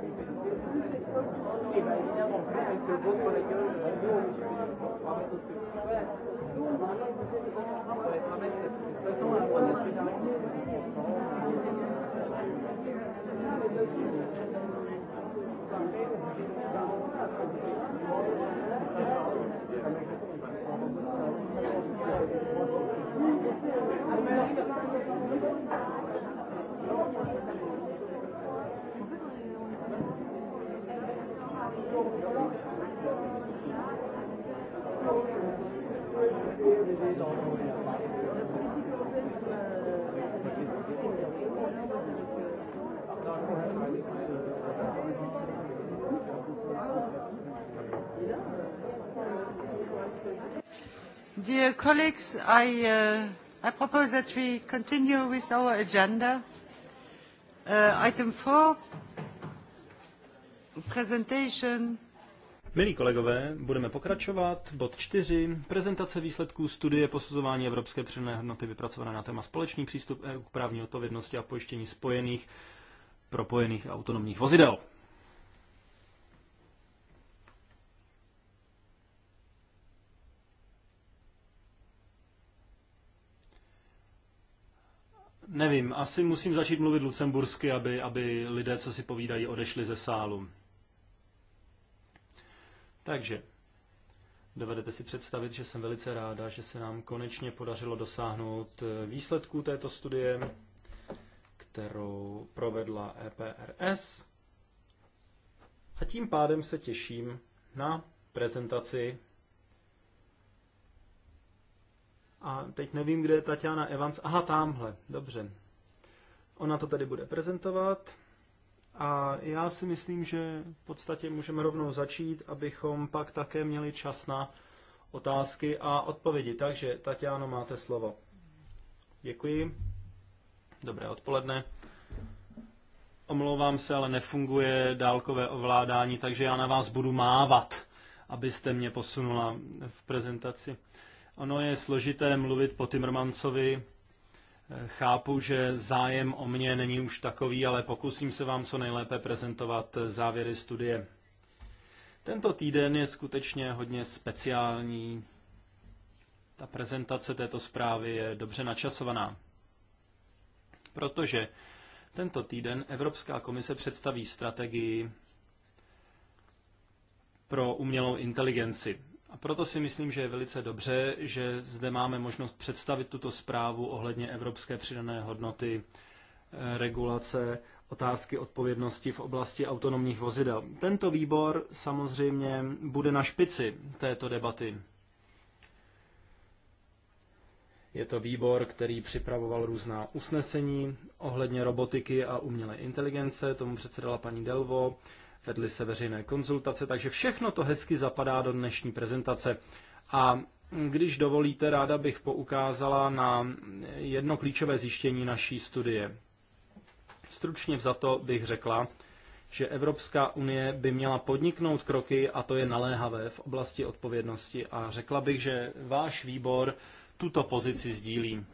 colleagues, uh, I, propose that we continue with our agenda. Uh, item presentation. Milí kolegové, budeme pokračovat. Bod čtyři: Prezentace výsledků studie posuzování evropské přidané hodnoty vypracované na téma společný přístup EU k právní odpovědnosti a pojištění spojených, propojených autonomních vozidel. Nevím, asi musím začít mluvit lucembursky, aby, aby lidé, co si povídají, odešli ze sálu. Takže, dovedete si představit, že jsem velice ráda, že se nám konečně podařilo dosáhnout eh, výsledků této studie, kterou provedla EPRS. A tím pádem se těším na prezentaci A teď nevím, kde je Tatiana Evans. Aha, tamhle. Dobře. Ona to tady bude prezentovat. A já si myslím, že v podstatě můžeme rovnou začít, abychom pak také měli čas na otázky a odpovědi. Takže, Tatiano, máte slovo. Děkuji. Dobré odpoledne. Omlouvám se, ale nefunguje dálkové ovládání, takže já na vás budu mávat, abyste mě posunula v prezentaci. Ono je složité mluvit po Timmermansovi. Chápu, že zájem o mě není už takový, ale pokusím se vám co nejlépe prezentovat závěry studie. Tento týden je skutečně hodně speciální. Ta prezentace této zprávy je dobře načasovaná, protože tento týden Evropská komise představí strategii pro umělou inteligenci. A proto si myslím, že je velice dobře, že zde máme možnost představit tuto zprávu ohledně evropské přidané hodnoty, eh, regulace, otázky odpovědnosti v oblasti autonomních vozidel. Tento výbor samozřejmě bude na špici této debaty. Je to výbor, který připravoval různá usnesení ohledně robotiky a umělé inteligence, tomu předsedala paní Delvo vedly se veřejné konzultace, takže všechno to hezky zapadá do dnešní prezentace. A když dovolíte, ráda bych poukázala na jedno klíčové zjištění naší studie. Stručně vzato bych řekla, že Evropská unie by měla podniknout kroky, a to je naléhavé, v oblasti odpovědnosti. A řekla bych, že váš výbor tuto pozici sdílí.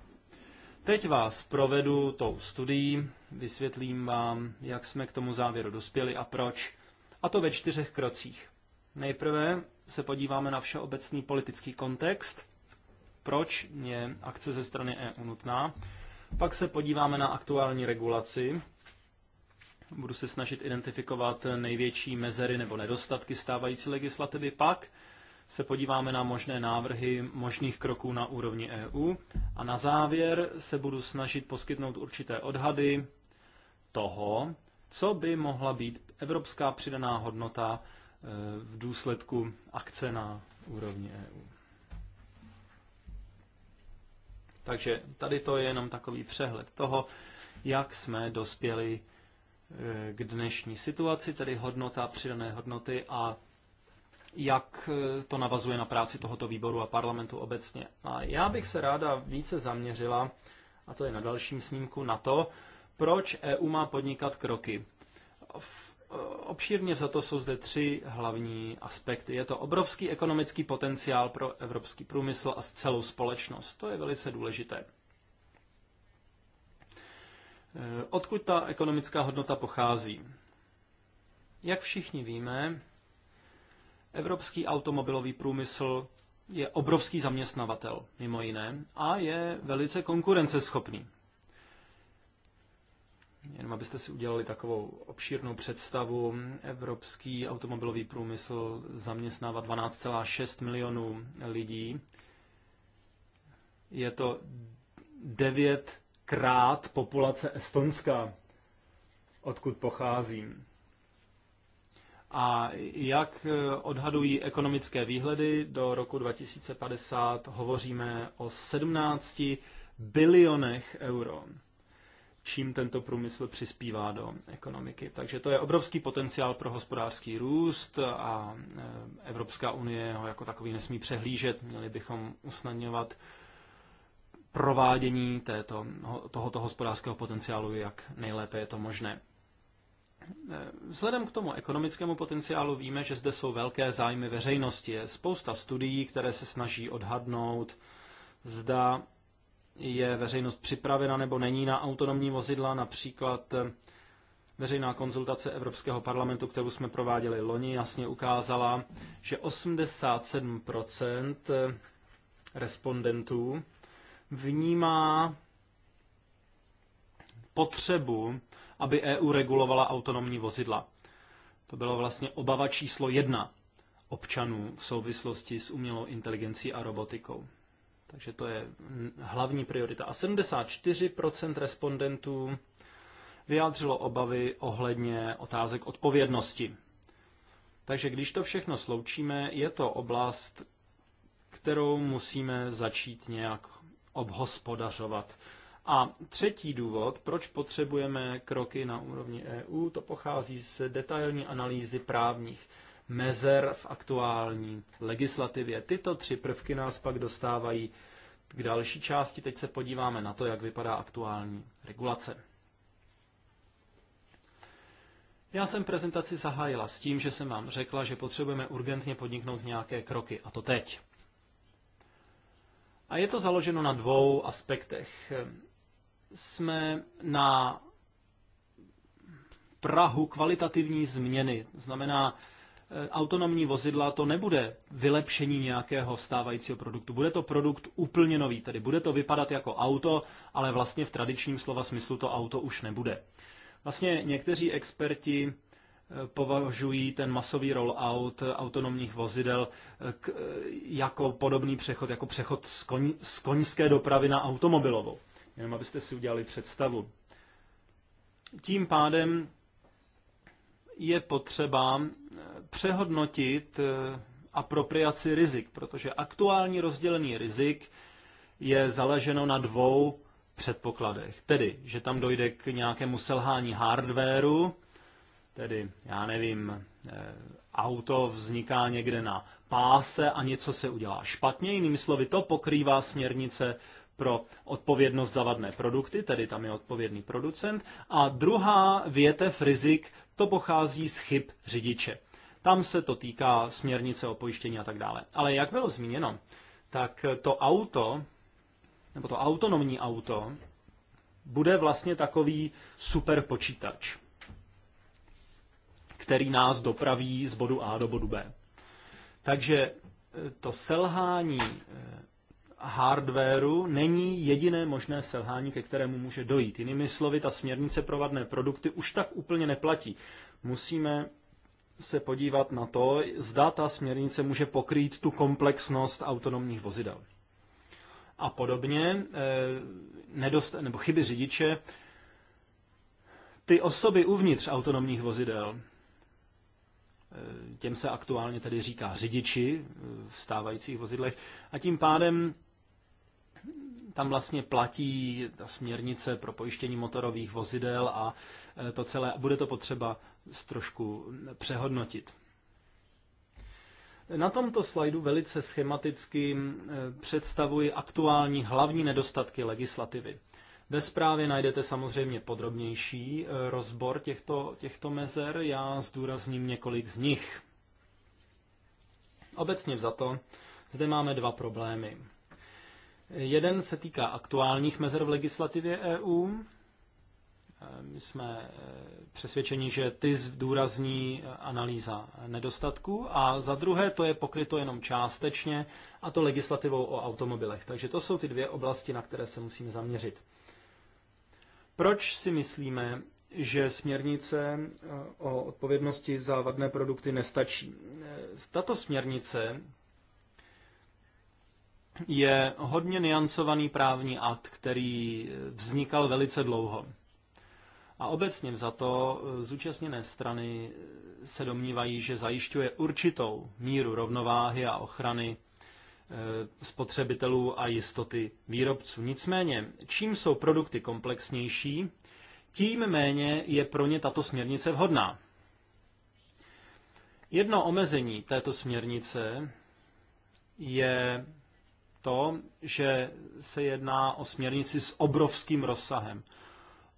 Teď vás provedu tou studií, vysvětlím vám, jak jsme k tomu závěru dospěli a proč. A to ve čtyřech krocích. Nejprve se podíváme na všeobecný politický kontext, proč je akce ze strany EU nutná. Pak se podíváme na aktuální regulaci. Budu se snažit identifikovat největší mezery nebo nedostatky stávající legislativy. Pak se podíváme na možné návrhy možných kroků na úrovni EU. A na závěr se budu snažit poskytnout určité odhady toho, co by mohla být evropská přidaná hodnota eh, v důsledku akce na úrovni EU. Takže tady to je jenom takový přehled toho, jak jsme dospěli eh, k dnešní situaci, tedy hodnota přidané hodnoty a jak eh, to navazuje na práci tohoto výboru a parlamentu obecně. A já bych se ráda více zaměřila, a to je na dalším snímku, na to, proč EU má podnikat kroky. V obšírně za to jsou zde tři hlavní aspekty. Je to obrovský ekonomický potenciál pro evropský průmysl a celou společnost. To je velice důležité. Eh, odkud ta ekonomická hodnota pochází? Jak všichni víme, evropský automobilový průmysl je obrovský zaměstnavatel, mimo jiné, a je velice konkurenceschopný. Jenom abyste si udělali takovou obšírnou představu, evropský automobilový průmysl zaměstnává 12,6 milionů lidí. Je to devětkrát populace Estonska, odkud pocházím. A jak odhadují ekonomické výhledy, do roku 2050 hovoříme o 17 bilionech euro čím tento průmysl přispívá do ekonomiky. Takže to je obrovský potenciál pro hospodářský růst a eh, Evropská unie ho jako takový nesmí přehlížet. Měli bychom usnadňovat provádění této, tohoto hospodářského potenciálu, jak nejlépe je to možné. Eh, vzhledem k tomu ekonomickému potenciálu víme, že zde jsou velké zájmy veřejnosti. Je spousta studií, které se snaží odhadnout, zda je veřejnost připravena nebo není na autonomní vozidla, například eh, Veřejná konzultace Evropského parlamentu, kterou jsme prováděli loni, jasně ukázala, že 87% eh, respondentů vnímá potřebu, aby EU regulovala autonomní vozidla. To bylo vlastně obava číslo jedna občanů v souvislosti s umělou inteligencí a robotikou. Takže to je hlavní priorita. A 74% respondentů vyjádřilo obavy ohledně otázek odpovědnosti. Takže když to všechno sloučíme, je to oblast, kterou musíme začít nějak obhospodařovat. A třetí důvod, proč potřebujeme kroky na úrovni EU, to pochází z detailní analýzy právních mezer v aktuální legislativě. Tyto tři prvky nás pak dostávají k další části. Teď se podíváme na to, jak vypadá aktuální regulace. Já jsem prezentaci zahájila s tím, že jsem vám řekla, že potřebujeme urgentně podniknout nějaké kroky, a to teď. A je to založeno na dvou aspektech. Jsme na Prahu kvalitativní změny, znamená Eh, autonomní vozidla to nebude vylepšení nějakého stávajícího produktu. Bude to produkt úplně nový, tedy bude to vypadat jako auto, ale vlastně v tradičním slova smyslu to auto už nebude. Vlastně někteří experti eh, považují ten masový rollout autonomních vozidel eh, k, jako podobný přechod, jako přechod z, koň, z koňské dopravy na automobilovou. Jenom abyste si udělali představu. Tím pádem je potřeba eh, přehodnotit eh, apropriaci rizik, protože aktuální rozdělení rizik je založeno na dvou předpokladech. Tedy, že tam dojde k nějakému selhání hardwareu, tedy, já nevím, eh, auto vzniká někde na páse a něco se udělá špatně. Jinými slovy, to pokrývá směrnice pro odpovědnost za vadné produkty, tedy tam je odpovědný producent. A druhá větev rizik to pochází z chyb řidiče. Tam se to týká směrnice o pojištění a tak dále. Ale jak bylo zmíněno, tak to auto, nebo to autonomní auto, bude vlastně takový super počítač, který nás dopraví z bodu A do bodu B. Takže to selhání hardwareu není jediné možné selhání, ke kterému může dojít. Jinými slovy, ta směrnice pro vadné produkty už tak úplně neplatí. Musíme se podívat na to, zda ta směrnice může pokrýt tu komplexnost autonomních vozidel. A podobně, eh, nedost, nebo chyby řidiče, ty osoby uvnitř autonomních vozidel, eh, těm se aktuálně tedy říká řidiči eh, v stávajících vozidlech, a tím pádem tam vlastně platí ta směrnice pro pojištění motorových vozidel a e, to celé, bude to potřeba trošku přehodnotit. Na tomto slajdu velice schematicky e, představuji aktuální hlavní nedostatky legislativy. Ve zprávě najdete samozřejmě podrobnější e, rozbor těchto, těchto mezer, já zdůrazním několik z nich. Obecně to, zde máme dva problémy. Jeden se týká aktuálních mezer v legislativě EU. E, my jsme e, přesvědčeni, že ty zdůrazní e, analýza nedostatků. A za druhé, to je pokryto jenom částečně, a to legislativou o automobilech. Takže to jsou ty dvě oblasti, na které se musíme zaměřit. Proč si myslíme, že směrnice o odpovědnosti za vadné produkty nestačí? Tato směrnice je hodně niancovaný právní akt, který vznikal velice dlouho. A obecně za to eh, zúčastněné strany se domnívají, že zajišťuje určitou míru rovnováhy a ochrany eh, spotřebitelů a jistoty výrobců. Nicméně, čím jsou produkty komplexnější, tím méně je pro ně tato směrnice vhodná. Jedno omezení této směrnice je to, že se jedná o směrnici s obrovským rozsahem.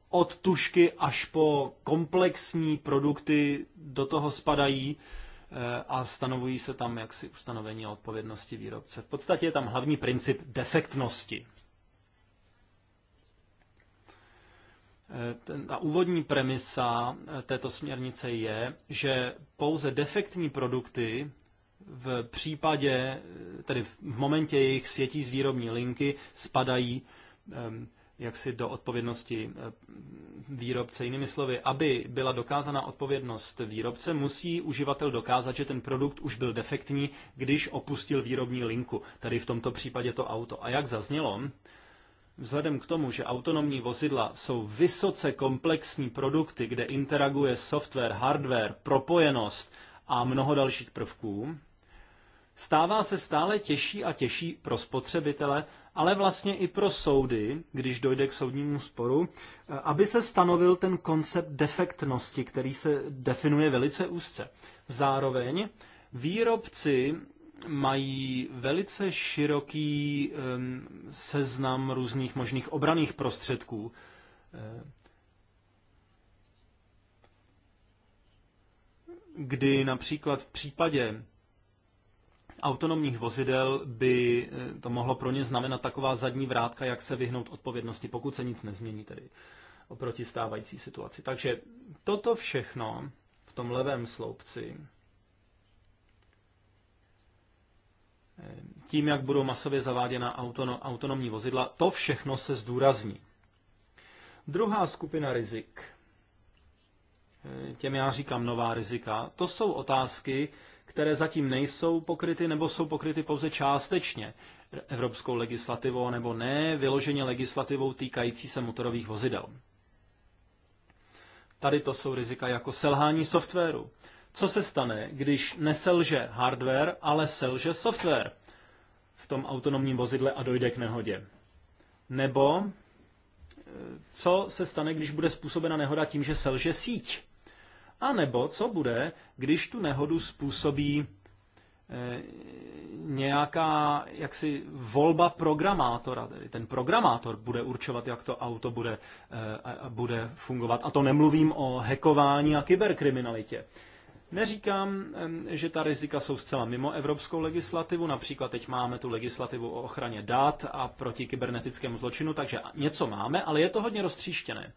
Od tušky až po komplexní produkty do toho spadají eh, a stanovují se tam jaksi ustanovení o odpovědnosti výrobce. V podstatě je tam hlavní princip defektnosti. Eh, ten, ta úvodní premisa eh, této směrnice je, že pouze defektní produkty v případě, tedy v momentě jejich sjetí z výrobní linky, spadají jaksi do odpovědnosti výrobce. Jinými slovy, aby byla dokázána odpovědnost výrobce, musí uživatel dokázat, že ten produkt už byl defektní, když opustil výrobní linku, tedy v tomto případě to auto. A jak zaznělo, Vzhledem k tomu, že autonomní vozidla jsou vysoce komplexní produkty, kde interaguje software, hardware, propojenost a mnoho dalších prvků, stává se stále těžší a těžší pro spotřebitele, ale vlastně i pro soudy, když dojde k soudnímu sporu, eh, aby se stanovil ten koncept defektnosti, který se definuje velice úzce. Zároveň výrobci mají velice široký ehm, seznam různých možných obraných prostředků. Eh, kdy například v případě autonomních vozidel by eh, to mohlo pro ně znamenat taková zadní vrátka, jak se vyhnout odpovědnosti, pokud se nic nezmění tedy oproti stávající situaci. Takže toto všechno v tom levém sloupci eh, tím, jak budou masově zaváděna autono, autonomní vozidla, to všechno se zdůrazní. Druhá skupina rizik, eh, těm já říkám nová rizika, to jsou otázky, které zatím nejsou pokryty nebo jsou pokryty pouze částečně evropskou legislativou nebo ne vyloženě legislativou týkající se motorových vozidel. Tady to jsou rizika jako selhání softwaru. Co se stane, když neselže hardware, ale selže software v tom autonomním vozidle a dojde k nehodě? Nebo e, co se stane, když bude způsobena nehoda tím, že selže síť? A nebo co bude, když tu nehodu způsobí e, nějaká jaksi volba programátora. Tedy ten programátor bude určovat, jak to auto bude, e, bude fungovat. A to nemluvím o hekování a kyberkriminalitě. Neříkám, že ta rizika jsou zcela mimo evropskou legislativu, například teď máme tu legislativu o ochraně dat a proti kybernetickému zločinu, takže něco máme, ale je to hodně roztříštěné.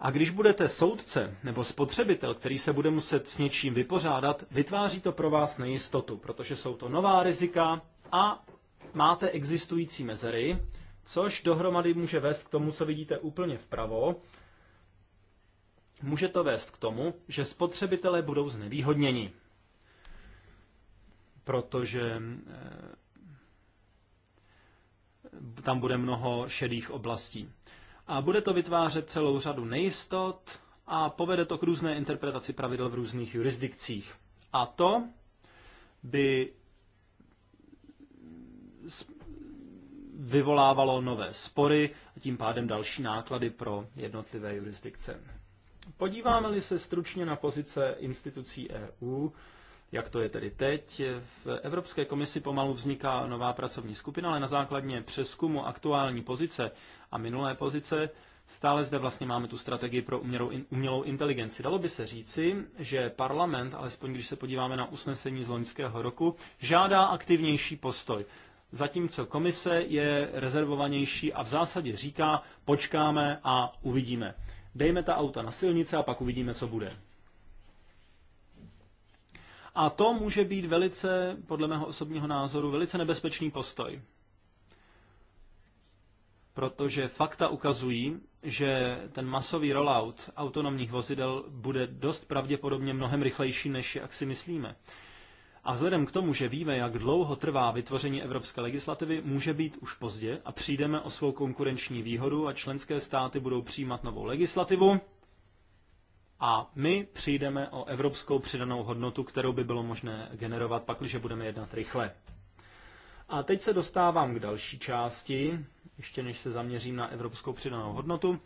A když budete soudce nebo spotřebitel, který se bude muset s něčím vypořádat, vytváří to pro vás nejistotu, protože jsou to nová rizika a máte existující mezery, což dohromady může vést k tomu, co vidíte úplně vpravo. Může to vést k tomu, že spotřebitelé budou znevýhodněni, protože eh, tam bude mnoho šedých oblastí. A bude to vytvářet celou řadu nejistot a povede to k různé interpretaci pravidel v různých jurisdikcích. A to by vyvolávalo nové spory a tím pádem další náklady pro jednotlivé jurisdikce. Podíváme-li se stručně na pozice institucí EU, jak to je tedy teď. V Evropské komisi pomalu vzniká nová pracovní skupina, ale na základně přeskumu aktuální pozice a minulé pozice, stále zde vlastně máme tu strategii pro umělou, inteligenci. Dalo by se říci, že parlament, alespoň když se podíváme na usnesení z loňského roku, žádá aktivnější postoj. Zatímco komise je rezervovanější a v zásadě říká, počkáme a uvidíme. Dejme ta auta na silnice a pak uvidíme, co bude. A to může být velice, podle mého osobního názoru, velice nebezpečný postoj protože fakta ukazují, že ten masový rollout autonomních vozidel bude dost pravděpodobně mnohem rychlejší, než jak si myslíme. A vzhledem k tomu, že víme, jak dlouho trvá vytvoření evropské legislativy, může být už pozdě a přijdeme o svou konkurenční výhodu a členské státy budou přijímat novou legislativu a my přijdeme o evropskou přidanou hodnotu, kterou by bylo možné generovat, pakliže budeme jednat rychle. A teď se dostávám k další části, ještě než se zaměřím na evropskou přidanou hodnotu.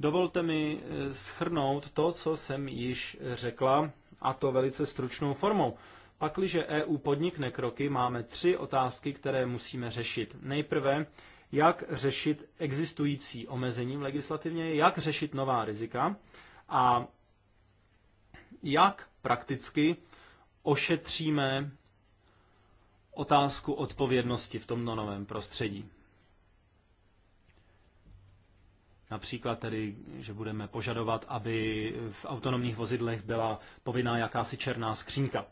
Dovolte mi eh, schrnout to, co jsem již řekla, a to velice stručnou formou. Pakliže EU podnikne kroky, máme tři otázky, které musíme řešit. Nejprve, jak řešit existující omezení v legislativně, jak řešit nová rizika a jak prakticky ošetříme otázku odpovědnosti v tomto novém prostředí. Například tedy, že budeme požadovat, aby v autonomních vozidlech byla povinná jakási černá skřínka.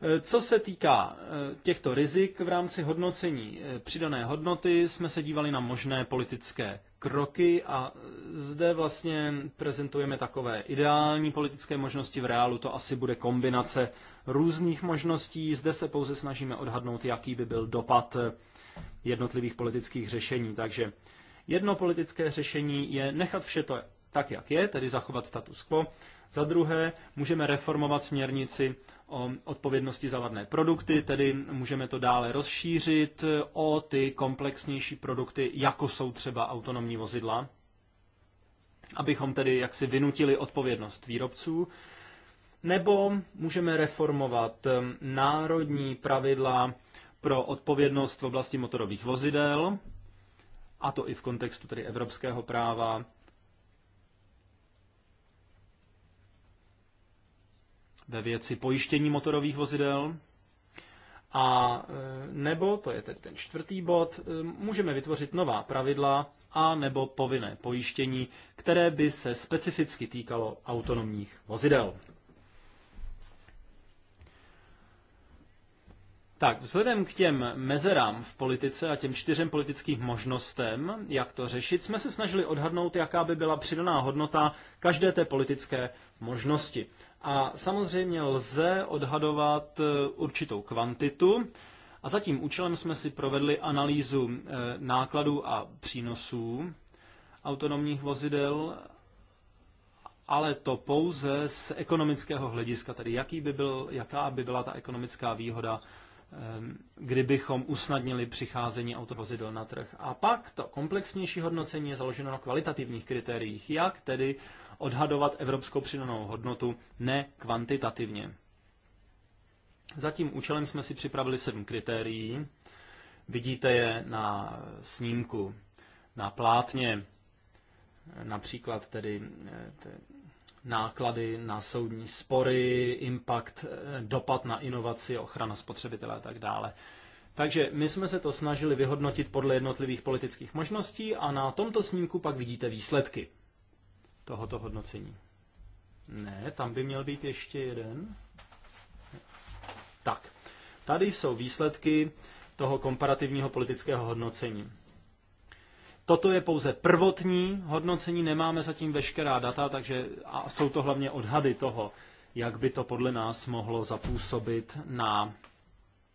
E, co se týká e, těchto rizik v rámci hodnocení e, přidané hodnoty, jsme se dívali na možné politické kroky a zde vlastně prezentujeme takové ideální politické možnosti. V reálu to asi bude kombinace různých možností. Zde se pouze snažíme odhadnout, jaký by byl dopad jednotlivých politických řešení. Takže Jedno politické řešení je nechat vše to tak, jak je, tedy zachovat status quo. Za druhé, můžeme reformovat směrnici o odpovědnosti za vadné produkty, tedy můžeme to dále rozšířit o ty komplexnější produkty, jako jsou třeba autonomní vozidla, abychom tedy jaksi vynutili odpovědnost výrobců. Nebo můžeme reformovat um, národní pravidla pro odpovědnost v oblasti motorových vozidel, a to i v kontextu tedy evropského práva. ve věci pojištění motorových vozidel. A e, nebo, to je tedy ten čtvrtý bod, e, můžeme vytvořit nová pravidla a nebo povinné pojištění, které by se specificky týkalo autonomních vozidel. Tak, vzhledem k těm mezerám v politice a těm čtyřem politickým možnostem, jak to řešit, jsme se snažili odhadnout, jaká by byla přidaná hodnota každé té politické možnosti. A samozřejmě lze odhadovat eh, určitou kvantitu, a za tím účelem jsme si provedli analýzu eh, nákladů a přínosů autonomních vozidel, ale to pouze z ekonomického hlediska, tedy jaký by byl, jaká by byla ta ekonomická výhoda Ehm, kdybychom usnadnili přicházení autovozidel na trh. A pak to komplexnější hodnocení je založeno na kvalitativních kritériích, jak tedy odhadovat evropskou přidanou hodnotu ne kvantitativně. Za tím účelem jsme si připravili sedm kritérií. Vidíte je na snímku, na plátně, například tedy eh, náklady na soudní spory, impact, eh, dopad na inovaci, ochrana spotřebitele a tak dále. Takže my jsme se to snažili vyhodnotit podle jednotlivých politických možností a na tomto snímku pak vidíte výsledky tohoto hodnocení. Ne, tam by měl být ještě jeden. Tak, tady jsou výsledky toho komparativního politického hodnocení. Toto je pouze prvotní hodnocení, nemáme zatím veškerá data, takže a jsou to hlavně odhady toho, jak by to podle nás mohlo zapůsobit na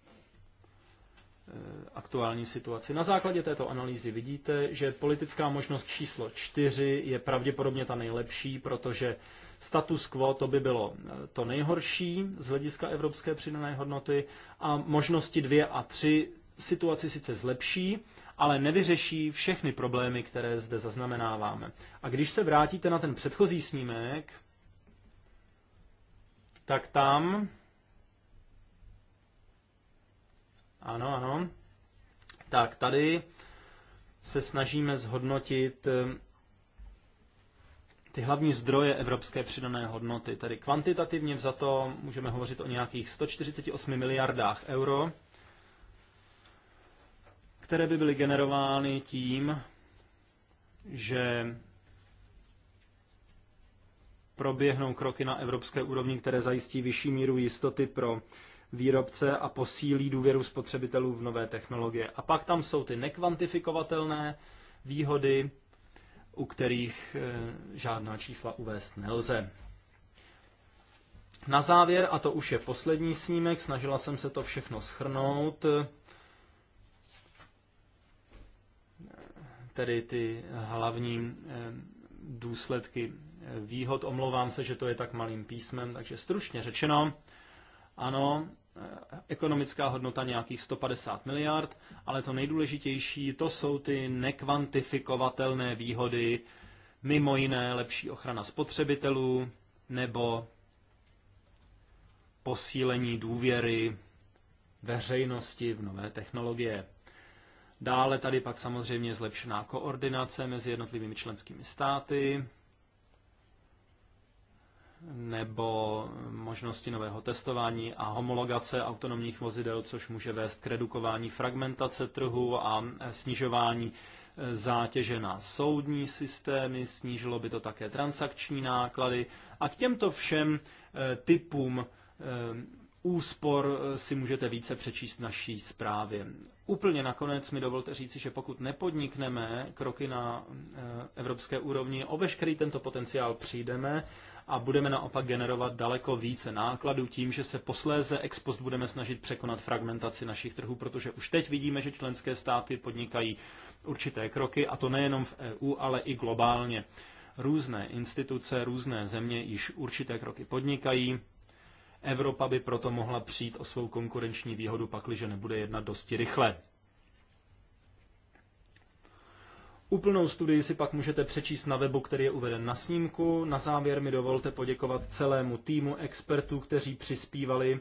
eh, aktuální situaci. Na základě této analýzy vidíte, že politická možnost číslo čtyři je pravděpodobně ta nejlepší, protože status quo to by bylo eh, to nejhorší z hlediska evropské přidané hodnoty a možnosti dvě a tři situaci sice zlepší, ale nevyřeší všechny problémy, které zde zaznamenáváme. A když se vrátíte na ten předchozí snímek, tak tam... Ano, ano. Tak tady se snažíme zhodnotit eh, ty hlavní zdroje evropské přidané hodnoty. Tedy kvantitativně vzato můžeme hovořit o nějakých 148 miliardách euro, které by byly generovány tím, že proběhnou kroky na evropské úrovni, které zajistí vyšší míru jistoty pro výrobce a posílí důvěru spotřebitelů v nové technologie. A pak tam jsou ty nekvantifikovatelné výhody, u kterých eh, žádná čísla uvést nelze. Na závěr, a to už je poslední snímek, snažila jsem se to všechno schrnout, tedy ty hlavní eh, důsledky výhod. Omlouvám se, že to je tak malým písmem, takže stručně řečeno, ano, eh, ekonomická hodnota nějakých 150 miliard, ale to nejdůležitější, to jsou ty nekvantifikovatelné výhody, mimo jiné lepší ochrana spotřebitelů nebo posílení důvěry veřejnosti v nové technologie. Dále tady pak samozřejmě zlepšená koordinace mezi jednotlivými členskými státy nebo možnosti nového testování a homologace autonomních vozidel, což může vést k redukování fragmentace trhu a snižování e, zátěže na soudní systémy, snížilo by to také transakční náklady a k těmto všem e, typům e, úspor eh, si můžete více přečíst v naší zprávě. Úplně nakonec mi dovolte říci, že pokud nepodnikneme kroky na eh, evropské úrovni, o veškerý tento potenciál přijdeme a budeme naopak generovat daleko více nákladů tím, že se posléze ex post budeme snažit překonat fragmentaci našich trhů, protože už teď vidíme, že členské státy podnikají určité kroky, a to nejenom v EU, ale i globálně. Různé instituce, různé země již určité kroky podnikají, Evropa by proto mohla přijít o svou konkurenční výhodu, pakliže nebude jednat dosti rychle. Úplnou studii si pak můžete přečíst na webu, který je uveden na snímku. Na závěr mi dovolte poděkovat celému týmu expertů, kteří přispívali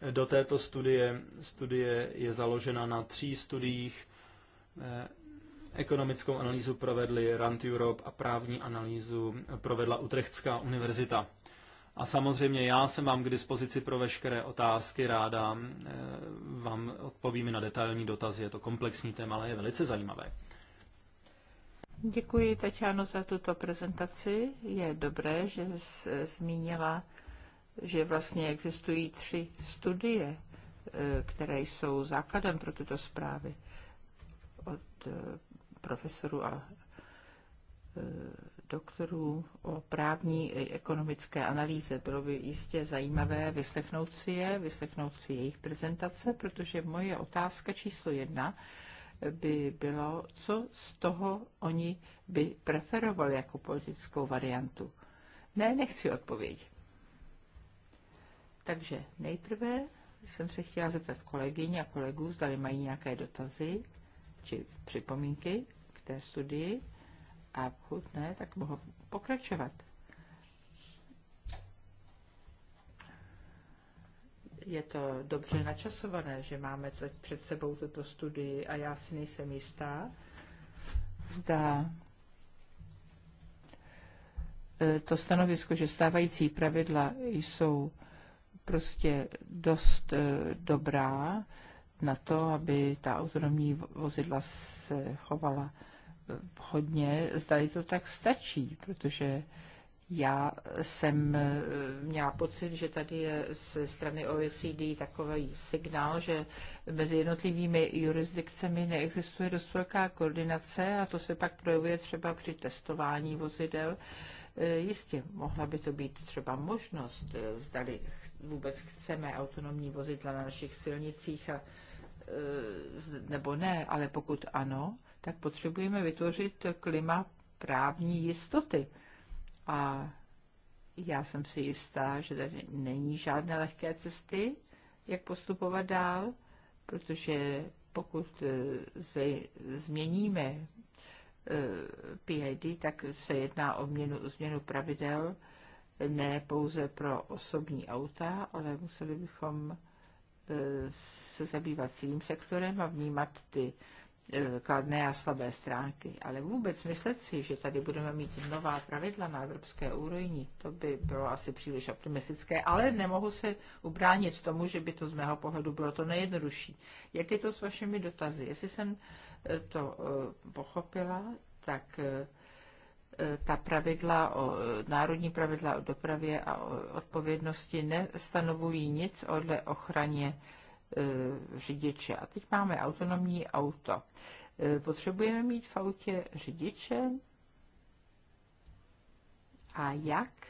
eh, do této studie. Studie je založena na tří studiích. Eh, ekonomickou analýzu provedli Rand Europe a právní analýzu eh, provedla Utrechtská univerzita. A samozřejmě já jsem vám k dispozici pro veškeré otázky, ráda eh, vám odpovím na detailní dotazy. Je to komplexní téma, ale je velice zajímavé. Děkuji, Tatiano, za tuto prezentaci. Je dobré, že jsi zmínila, že vlastně existují tři studie, eh, které jsou základem pro tuto zprávy od eh, profesoru a doktorů o právní i ekonomické analýze. Bylo by jistě zajímavé vyslechnout si je, vyslechnout si jejich prezentace, protože moje otázka číslo jedna by bylo, co z toho oni by preferovali jako politickou variantu. Ne, nechci odpověď. Takže nejprve jsem se chtěla zeptat kolegyň a kolegů, zda mají nějaké dotazy či připomínky k té studii. A pokud ne, tak mohu pokračovat. Je to dobře načasované, že máme teď před sebou tuto studii a já si nejsem jistá, zda e, to stanovisko, že stávající pravidla jsou prostě dost e, dobrá na to, aby ta autonomní vozidla se chovala hodně, zdali to tak stačí, protože já jsem eh, měla pocit, že tady je ze strany OECD takový signál, že mezi jednotlivými jurisdikcemi neexistuje dost velká koordinace a to se pak projevuje třeba při testování vozidel. Eh, jistě, mohla by to být třeba možnost, eh, zdali vůbec chceme autonomní vozidla na našich silnicích a, nebo ne, ale pokud ano, tak potřebujeme vytvořit klima právní jistoty. A já jsem si jistá, že tady není žádné lehké cesty, jak postupovat dál, protože pokud eh, se změníme eh, PID, tak se jedná o o změnu pravidel ne pouze pro osobní auta, ale museli bychom eh, se zabývat celým sektorem a vnímat ty Eh, kladné a slabé stránky. Ale vůbec myslet si, že tady budeme mít nová pravidla na evropské úrovni, to by bylo asi příliš optimistické, ale nemohu se ubránit tomu, že by to z mého pohledu bylo to nejjednodušší. Jak je to s vašimi dotazy? Jestli jsem eh, to eh, pochopila, tak ta pravidla, o, národní pravidla o dopravě a o odpovědnosti nestanovují nic o ochraně E, řidiče. A teď máme autonomní auto. E, potřebujeme mít v autě řidiče a jak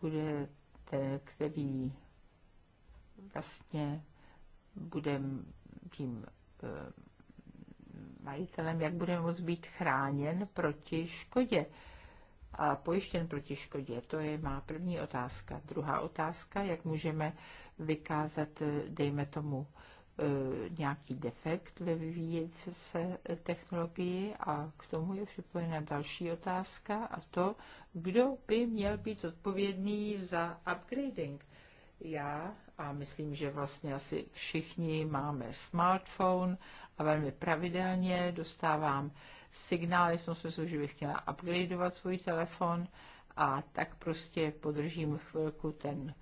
bude ten, který vlastně bude tím e, majitelem, jak bude moct být chráněn proti škodě a pojištěn proti škodě. To je má první otázka. Druhá otázka, jak můžeme vykázat, dejme tomu, e, nějaký defekt ve vyvíjející se technologii a k tomu je připojena další otázka a to, kdo by měl být odpovědný za upgrading. Já a myslím, že vlastně asi všichni máme smartphone a velmi pravidelně dostávám signály v tom smyslu, že bych měla upgradeovat svůj telefon a tak prostě podržím chvilku ten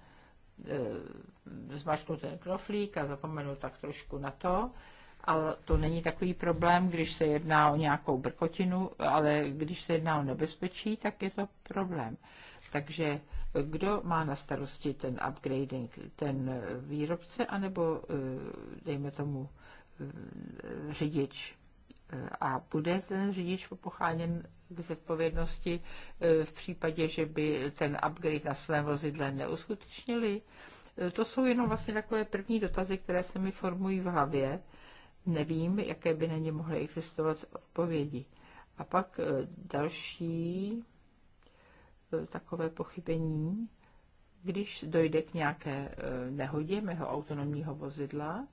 e, zmačknu ten knoflík a zapomenu tak trošku na to, ale to není takový problém, když se jedná o nějakou brkotinu, ale když se jedná o nebezpečí, tak je to problém. Takže kdo má na starosti ten upgrading? Ten výrobce, anebo e, dejme tomu Eh, řidič eh, a bude ten řidič popocháněn k zodpovědnosti eh, v případě, že by ten upgrade na svém vozidle neuskutečnili. To jsou jenom vlastně takové první dotazy, které se mi formují v hlavě. Nevím, jaké by na ně mohly existovat odpovědi. A pak další takové pochybení, když dojde k nějaké nehodě mého autonomního vozidla,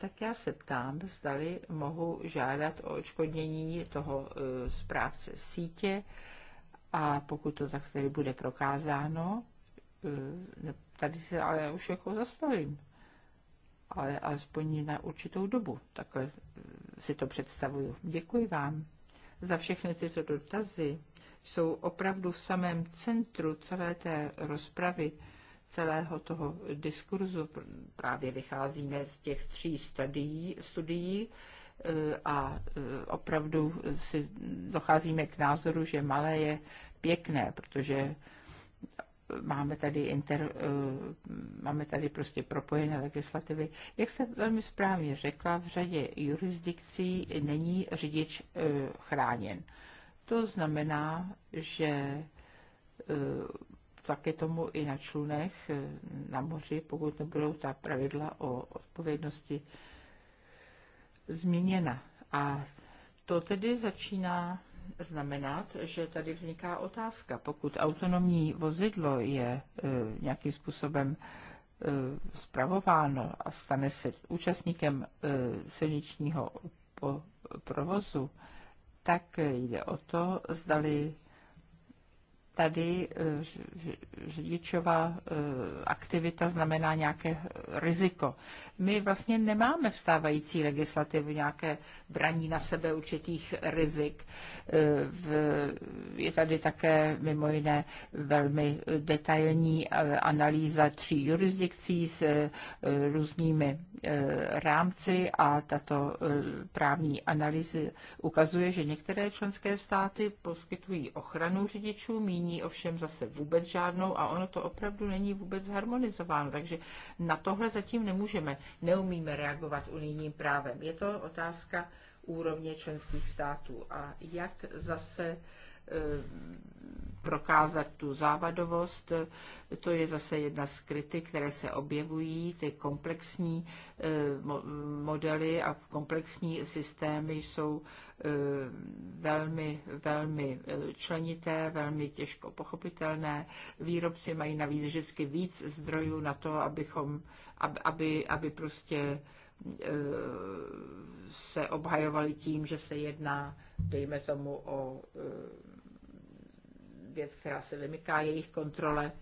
tak já se ptám, zdali mohu žádat o odškodnění toho zprávce e, sítě a pokud to tak tedy bude prokázáno, e, tady se ale už jako zastavím, ale alespoň na určitou dobu, takhle e, si to představuju. Děkuji vám za všechny tyto dotazy. Jsou opravdu v samém centru celé té rozpravy celého toho diskurzu. Právě vycházíme z těch tří studií, studií eh, a eh, opravdu si docházíme k názoru, že malé je pěkné, protože máme tady, inter, eh, máme tady prostě propojené legislativy. Jak jste velmi správně řekla, v řadě jurisdikcí není řidič chráněn. To znamená, že také tomu i na člunech, e, na moři, pokud nebudou ta pravidla o odpovědnosti změněna. A to tedy začíná znamenat, že tady vzniká otázka. Pokud autonomní vozidlo je e, nějakým způsobem e, spravováno a stane se účastníkem silničního provozu, tak jde o to, zdali tady eh, řidičová eh, aktivita znamená nějaké riziko. My vlastně nemáme v stávající legislativu nějaké braní na sebe určitých rizik. Eh, je tady také mimo jiné velmi detailní analýza tří jurisdikcí s různými rámci a tato právní analýzy ukazuje, že některé členské státy poskytují ochranu řidičů, míní není ovšem zase vůbec žádnou a ono to opravdu není vůbec harmonizováno. Takže na tohle zatím nemůžeme, neumíme reagovat unijním právem. Je to otázka úrovně členských států a jak zase Eh, prokázat tu závadovost. To je zase jedna z kritik, které se objevují, ty komplexní eh, modely a komplexní systémy jsou eh, velmi, velmi členité, velmi těžko pochopitelné. Výrobci mají navíc vždycky víc zdrojů na to, abychom, aby, aby prostě se obhajovali tím, že se jedná, dejme tomu, o věc, která se vymyká jejich kontrole,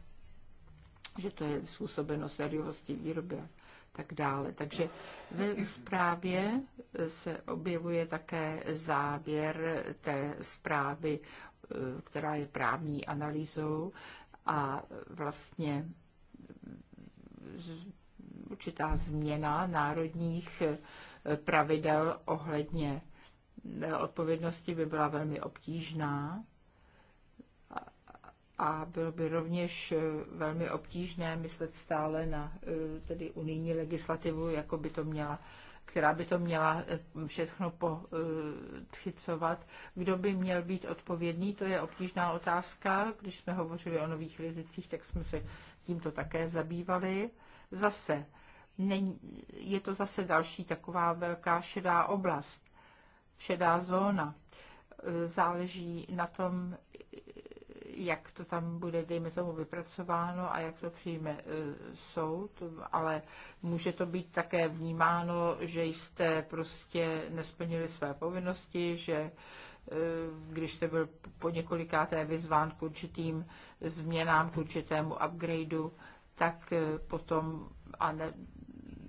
že to je způsobeno seriózní výroby a tak dále. Takže ve zprávě se objevuje také závěr té zprávy, eh, která je právní analýzou a vlastně eh, určitá změna národních eh, pravidel ohledně odpovědnosti by byla velmi obtížná a bylo by rovněž eh, velmi obtížné myslet stále na eh, tedy unijní legislativu, jako by to měla která by to měla eh, všechno podchycovat. Kdo by měl být odpovědný, to je obtížná otázka. Když jsme hovořili o nových rizicích, tak jsme se tímto také zabývali. Zase, je to zase další taková velká šedá oblast, šedá zóna. Záleží na tom, jak to tam bude, dejme tomu, vypracováno a jak to přijme e, soud, ale může to být také vnímáno, že jste prostě nesplnili své povinnosti, že e, když jste byl po několikáté vyzván k určitým změnám, k určitému upgradeu, tak e, potom a ne,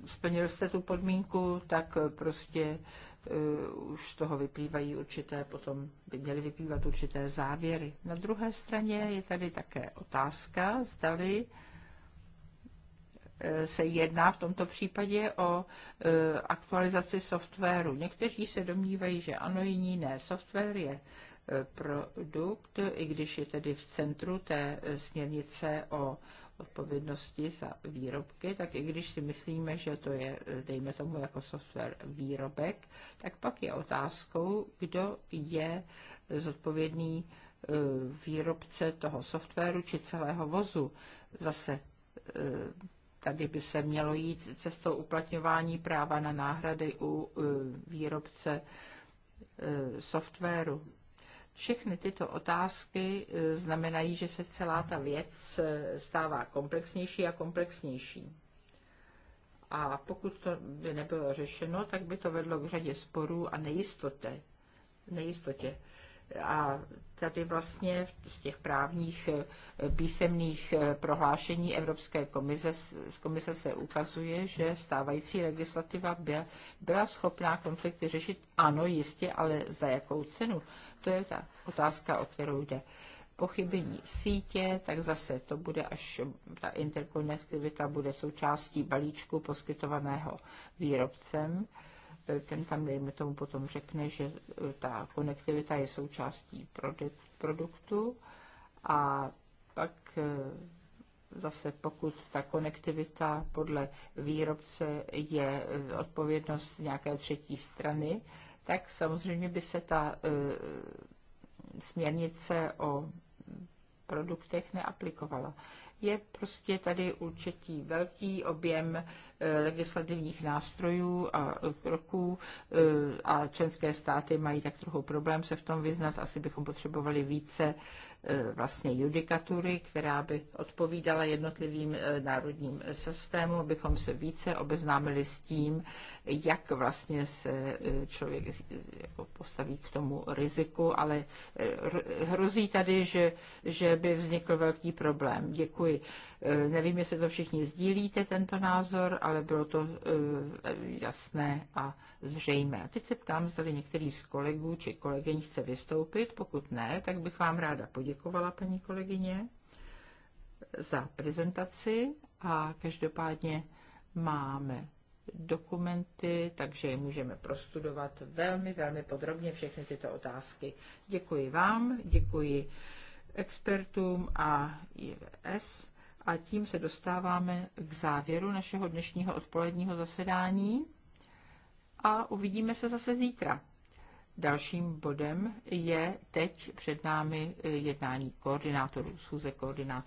splnil jste tu podmínku, tak prostě Eh, už z toho vyplývají určité, potom by měly vyplývat určité závěry. Na druhé straně je tady také otázka, zdali eh, se jedná v tomto případě o eh, aktualizaci softwaru. Někteří se domnívají, že ano, jiní ne. Software je produkt, i když je tedy v centru té směrnice o odpovědnosti za výrobky, tak i když si myslíme, že to je, dejme tomu, jako software výrobek, tak pak je otázkou, kdo je zodpovědný e, výrobce toho softwaru či celého vozu. Zase e, tady by se mělo jít cestou uplatňování práva na náhrady u e, výrobce softwaru. Všechny tyto otázky e, znamenají, že se celá ta věc e, stává komplexnější a komplexnější. A pokud to by nebylo řešeno, tak by to vedlo k řadě sporů a nejistotě. nejistotě. A tady vlastně z těch právních eh, písemných eh, prohlášení Evropské komise, z komise se ukazuje, že stávající legislativa byla, byla schopná konflikty řešit, ano, jistě, ale za jakou cenu? To je ta otázka, o kterou jde. Pochybení sítě, tak zase to bude, až ta interkonektivita bude součástí balíčku poskytovaného výrobcem ten tam, dejme tomu, potom řekne, že e, ta konektivita je součástí produktu a pak e, zase pokud ta konektivita podle výrobce je e, odpovědnost nějaké třetí strany, tak samozřejmě by se ta směrnice o produktech neaplikovala je prostě tady určitý velký objem e, legislativních nástrojů a kroků e, a členské státy mají tak trochu problém se v tom vyznat. Asi bychom potřebovali více E, vlastně judikatury, která by odpovídala jednotlivým e, národním systémům, abychom se více obeznámili s tím, jak vlastně se e, člověk jako postaví k tomu riziku, ale hrozí tady, že, že by vznikl velký problém. Děkuji. Eh, nevím, jestli to všichni sdílíte, tento názor, ale bylo to eh, jasné a zřejmé. A teď se ptám, zda některý z kolegů či kolegyň chce vystoupit. Pokud ne, tak bych vám ráda poděkovala, paní kolegyně, za prezentaci a každopádně máme dokumenty, takže je můžeme prostudovat velmi, velmi podrobně všechny tyto otázky. Děkuji vám, děkuji expertům a IVS a tím se dostáváme k závěru našeho dnešního odpoledního zasedání a uvidíme se zase zítra. Dalším bodem je teď před námi eh, jednání koordinátorů, schůze koordinátorů.